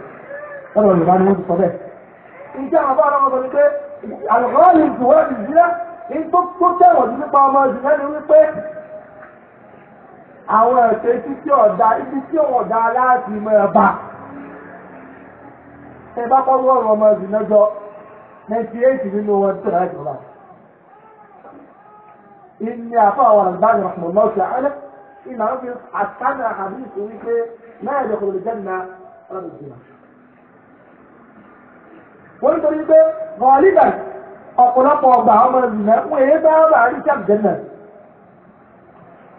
lọ́dọ̀ Yorùbá ni wọ́n ti sọ bẹ́ẹ̀. iṣẹ́ àwọn bá ọmọ àwọn ẹ̀ṣẹ̀ títí oda ibi tí ọ̀dà láti mọ ẹ̀bà ẹ bá kọ́wọ́ ọ̀rọ̀ ọmọ ẹ̀sìn lọ́jọ́ 98 nínú wọn tó rà jùlọ. ìní àfọ àwọn ọ̀pọ̀ náà ṣe àárẹ̀ na fi àtàkùn àbí ìṣòwò pé náà kò lè jẹ́ nà ọ̀rọ̀ wọ́n ń torí pé ọ̀pọ̀lọpọ̀ ọgbà ọmọ ẹ̀sìn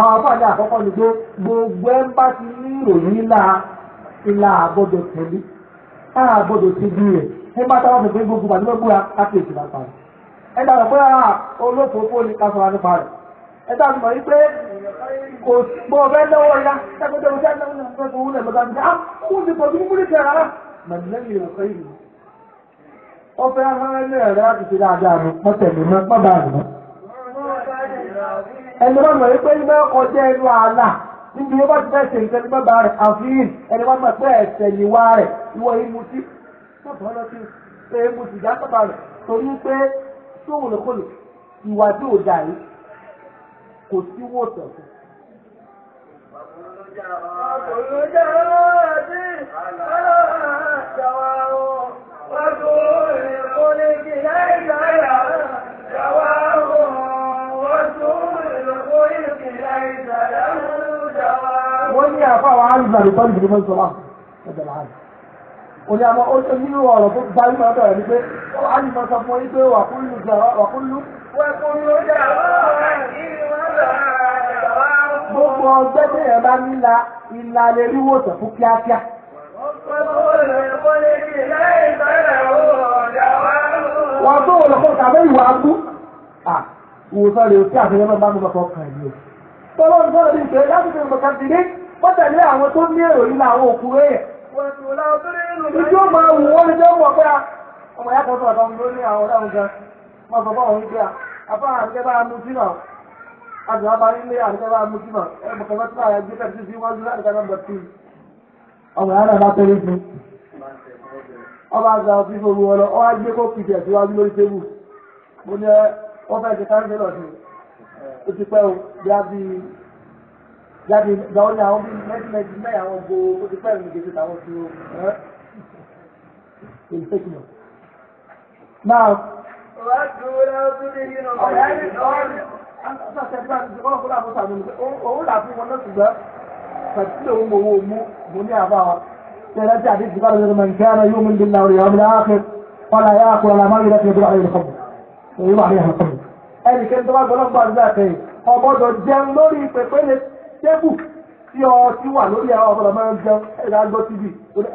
àwọn afáàdé àkọ́kọ́ ni pé gbogbo ẹ̀ ń bá ti ní ìròyìn ńlá ńlá àgbọ́dọ̀ tẹ̀lé àgbọ́dọ̀ ti bí rẹ̀ ní bá táwọn fẹ́ pé gbogbo àti gbogbo àti èsì lápá rẹ̀ ẹ dàgbà pé olófòófó ni ká sọ̀rọ̀ nípa rẹ̀ ẹ dàgbà mọ̀ wípé kò gbọ́ ọ̀bẹ lọ́wọ́ ya ṣàkóso ìṣẹ́ ìṣẹ́ òun lẹ́gbẹ̀ẹ́ àti ah kó ti pọ̀ sí kúkúrú ìṣẹ́ rárá màdìlẹ́yìn ìrọ̀kọ́ ìlú ọ̀fẹ́ ahọ́n ẹlẹ́rẹ̀ láti ṣe dáadáa mi mọ́tẹ̀lẹ́mọ́ ẹni wọn mọ̀ wípé iná kọjá ẹnu àlà níbi ọba ti fẹ́ ṣe nǹkan ní bàbá rẹ̀ àfihàn ẹni wọn mọ̀ pé ẹ̀sẹ̀ níwá rẹ̀ ìwọ ìmutí sọ̀tọ̀ pé bàbá rẹ̀ torí wọ́n ní àfa àwọn àlùfáà lè tọ́lù ìdílé mọ́tò náà ẹ̀jẹ̀ láàrín. òní àmọ́ onírú ọ̀rọ̀ tó gba ìmọ̀ ọ̀dọ̀ rẹ̀ ni pé àlùfáà sọ fún yín pé wàkúlù wàkúlù. wàkúlù jàwọ́ gbogbo ọgbẹ́ tẹ̀yẹ̀ bá nílà ìlà lè rí wòsàn fún kíákíá. wọ́n tó wọlé kó tàbí ìwà abú. ìwòsàn rèé tí àfihàn bá bá mi lọ́kọ̀ọ́ kan ìlú. tọ́lọ́run sọ̀rọ̀ dị ìṣẹ̀lẹ̀ lásìkò ìmọ̀kan ti dị wọ́n tẹ̀lé àwọn tó ní èrò yìí làwọn òkú rẹ̀. ìjọ máa wù wọ́n ní jẹ́ mọ̀ pé ọmọ ìyá tó ọ̀dọ́ ló ní àwọn ọ̀dọ́ máa sọ bá mú sí náà bá mú sí náà bá àyà gbé sí wájú ọ wá gbé kó kìkì ẹ̀ ọ fẹ́ sí i. ó ti pẹ́ o bíá bí jáde ìgbàwọ́ ni àwọn bíi mẹ́tìmẹ́tì mẹ́rin àwọn ògbó ó ti pẹ́ ìrìn gèdè táwọn ti rò èyí tó kìlọ̀. Náà. Wàá dúró lọ́wọ́ tó lè yín náà. Ọ̀rẹ́ ẹni قال من كان يؤمن بالله واليوم الاخر فلا ياكل على مائدته بلعين الخمر ويوضع عليها الخمر ẹnìkan tó bá gbọ́lọ́gbọ́ àdúrà kẹyìn ọgbọ́dọ̀ jẹun lórí pèpéle tébù tí ọ ti wà lórí àwọn ọgbọ́dọ̀ máa ń jẹun ẹ̀dá gbọ́ tv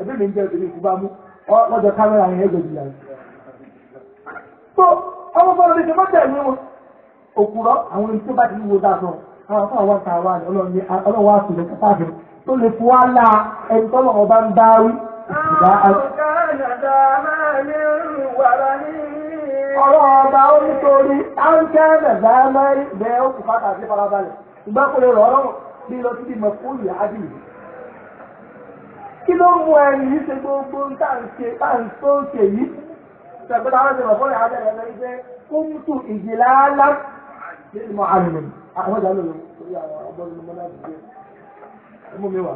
ẹ̀bí mi ń jẹ ìbílẹ̀ ìfúbá mú lọ́jọ́ kámẹ́rà yẹn ẹ̀jọ̀ jìyà rẹ̀. tó ọmọ bọ́lá ní kẹfọ́ tẹ̀lé wọn òkúrọ́ àwọn ẹni tó bá ti ń bá rí ọ̀rọ̀ ọba ó nítorí áńkẹ́ nàìjíríà mẹ́rin bẹ́ẹ̀ ó kù fàtà sí farabalẹ̀ ìgbà kò lè rọ̀ ọ́rọ̀ bí lọ sí ìmọ̀ fún ìyá àbí yìí. kí ló mú ẹni yìí ṣe gbogbo táǹkì táǹkì yìí ṣàgbéta wọn ti mọ̀ fún ìyá àbí ẹ̀rọ ìgbẹ́ kúntù ìjìlá ńlá nínú àlùmọ̀ àwọn ìjà lòlò orí àwọn ọgbọ́n mi wà.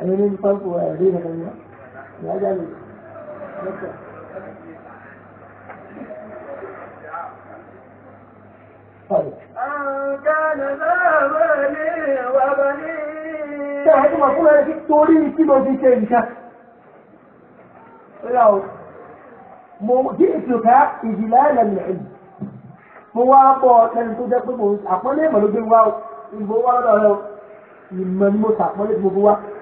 ainihin farko a yare da kanya ya gane Ṣé àjọ́mà fún ẹ̀rẹ́ sí torí kí lọ sí ṣe ìṣẹ́? Ṣé àwọn mo jí ìtùkà ìjìlá ẹ̀lẹ̀lẹ̀ ìlú. Mo wá bọ̀ ẹni tó jẹ́ pé mo àpọ́nlé ìmọ̀ ló gbé wá ni mo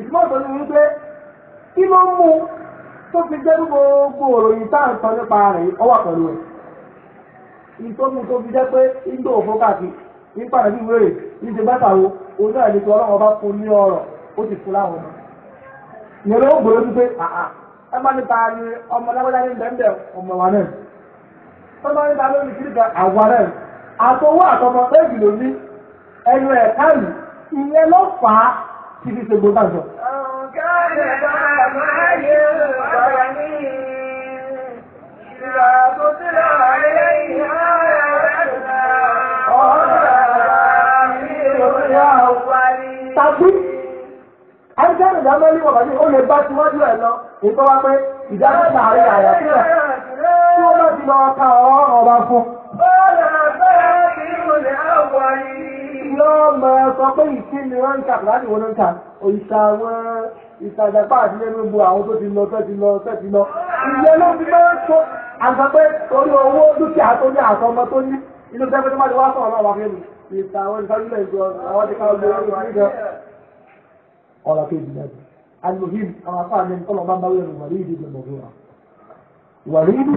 ìtumọ̀ tó ní wípé kí ló mú tó fi jẹ́ gbogbo òròyìn tá à ń sọ nípa rẹ̀ ọwọ́ pẹ̀lú tó fi jẹ́ pé ìjọ òfó káàkiri nípa rẹ̀ bíi wéèrè níṣe bẹ́tà wo oní ẹ̀mí tí ọba fún ní ọ̀rọ̀ ó ti fún láwọn ọmọ ìyẹn ló gbòòrò sí pé ẹ nípa ni ọmọ ní bẹ́ẹ̀ ọmọ wa náà nípa lórí àwa náà àtọwọ́ àtọmọ ẹnu kí ṣe gbọ́dọ̀ sọ. ọ̀gá ìgbà máa yẹ ọ̀rọ̀ mi ìlà tó ti lọ ayé ìhà ẹ̀rọ ọ̀rọ̀ mi ò yá wáyé. tàbí ẹjẹ́ ìdáná ní wọ̀n bàjẹ́ ó lè bá síwájú ẹ̀ lọ ìtọ́ wa pé ìdáná sàárẹ̀ àyàfíà tí wọ́n bá ti lọ ka ọ̀rọ̀ ọba fún. bọ́ọ̀lù àbẹ́rẹ́ kí ló lè àwọ̀ yìí yóò máa sọ pé ìsí ni wọ́n ń ta kùránì wọn ń ta òrìṣà àwọn ìsàjàpá àti ẹnu bu àwọn tó ti lọ tó ti lọ tó ti lọ. ìyẹn ló fi máa ń tó àgbàgbé orí owó dúkìá tó ní àtọmọ tó ní inú tẹ́fẹ́ tó má ti wá sọ̀rọ̀ náà wà fẹ́mi ìta àwọn ìfẹ́lẹ́ ìjọ àwọn ti ká ọgbẹ́ orí ìjọ. ọ̀rọ̀ kejì náà alùhìm àwọn afáà ní nǹkan ọba báwẹ̀ rẹ̀ wàrí ìdí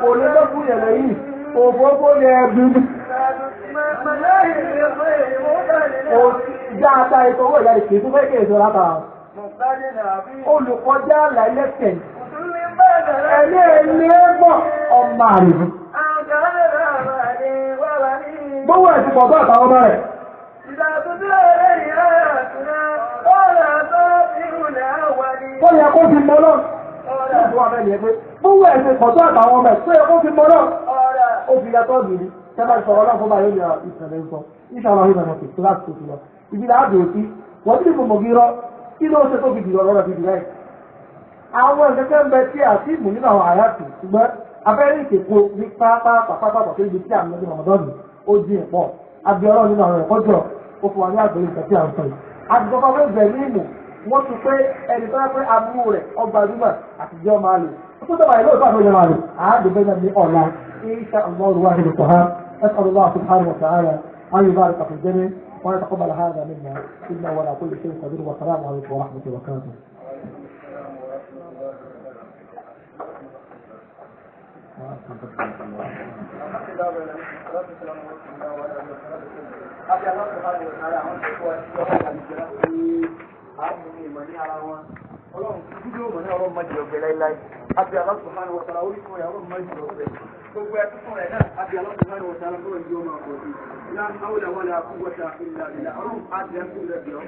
kò ní lọ́kùn yẹn lẹ́yìn òfófó ni ẹbí. dáadáa ètò owó ìyá ìpè tó fẹ́ kí èso láta. olùkọjá làílẹ́sẹ̀ ẹ̀mí ẹ̀mí ẹ̀gbọ́n ọmọ àrùn. gbówó ẹ̀ ti pọ̀ bá àtàwọn ọmọ rẹ̀. Kọ́lẹ̀ kó fi mọ́ náà. Ọ̀rẹ́ àti wà bẹ́ẹ̀ ẹgbẹ́ gbówó ẹ̀ ṣe pọ̀tọ́ àtàwọn ọmọ ẹ̀ tó yẹ kó fi mọ́ náà ó fi yàtọ̀ bìrì tẹ́lá ìfọwọ́ náà fún báyìí ó yàrá ìṣẹ̀lẹ̀ ń sọ ìṣàlọ́ ìṣẹ̀lẹ̀ náà tó láti tó ti lọ ibi láà bèrè sí wọ́n ti mọ̀ mọ̀gí rọ kí ló ṣe tó fi dìrọ̀ lọ́rọ̀ fi dìrẹ́ àwọn ìṣẹ́kẹ́ ń bẹ tí àti ìmù nínú àwọn àyàtì ṣùgbọ́n abẹ́rẹ́ ìkèkó ní pápápápápá tó ibi tí àmì ọdún ọmọdọ́ọ̀nù ó dín ẹ̀pọ̀ abiola nínú àwọn ẹ̀kọ́ jọ ó fún wa ní àgbèrè ìgbà tí à ń sọ yìí àtìgbọ́n fún ẹgbẹ̀rún ìmù wọ́n ti pé ẹni tó yẹ pé abúrú rẹ̀ ọgbà dúmọ̀ àtijọ́ máa lò وطبعا يقول صاحب وجلاله عقد بين لي ان شاء الله الواحد القهار اسال الله سبحانه وتعالى ان يبارك في الجنه ويتقبل هذا منا الا ولا كل شيء قدير والسلام عليكم ورحمه وبركاته. الله وبركاته Thank you. ọlọ́run fídíò mọ̀ ní ọlọ́run máa jẹ ọ̀gbẹ́ láíláí àbí aláṣùmánu wọ̀tara orí fún ẹ̀ ọlọ́run máa jẹ ọ̀gbẹ́ gbogbo ẹ̀ fún ẹ̀ náà àbí aláṣùmánu wọ̀tara fún ẹ̀ yóò máa pọ̀ sí i láàmú àwòlà wọlé àkúwọ̀ta ìlànà ọlọ́run á jẹ́ kú lẹ́bi ọ́.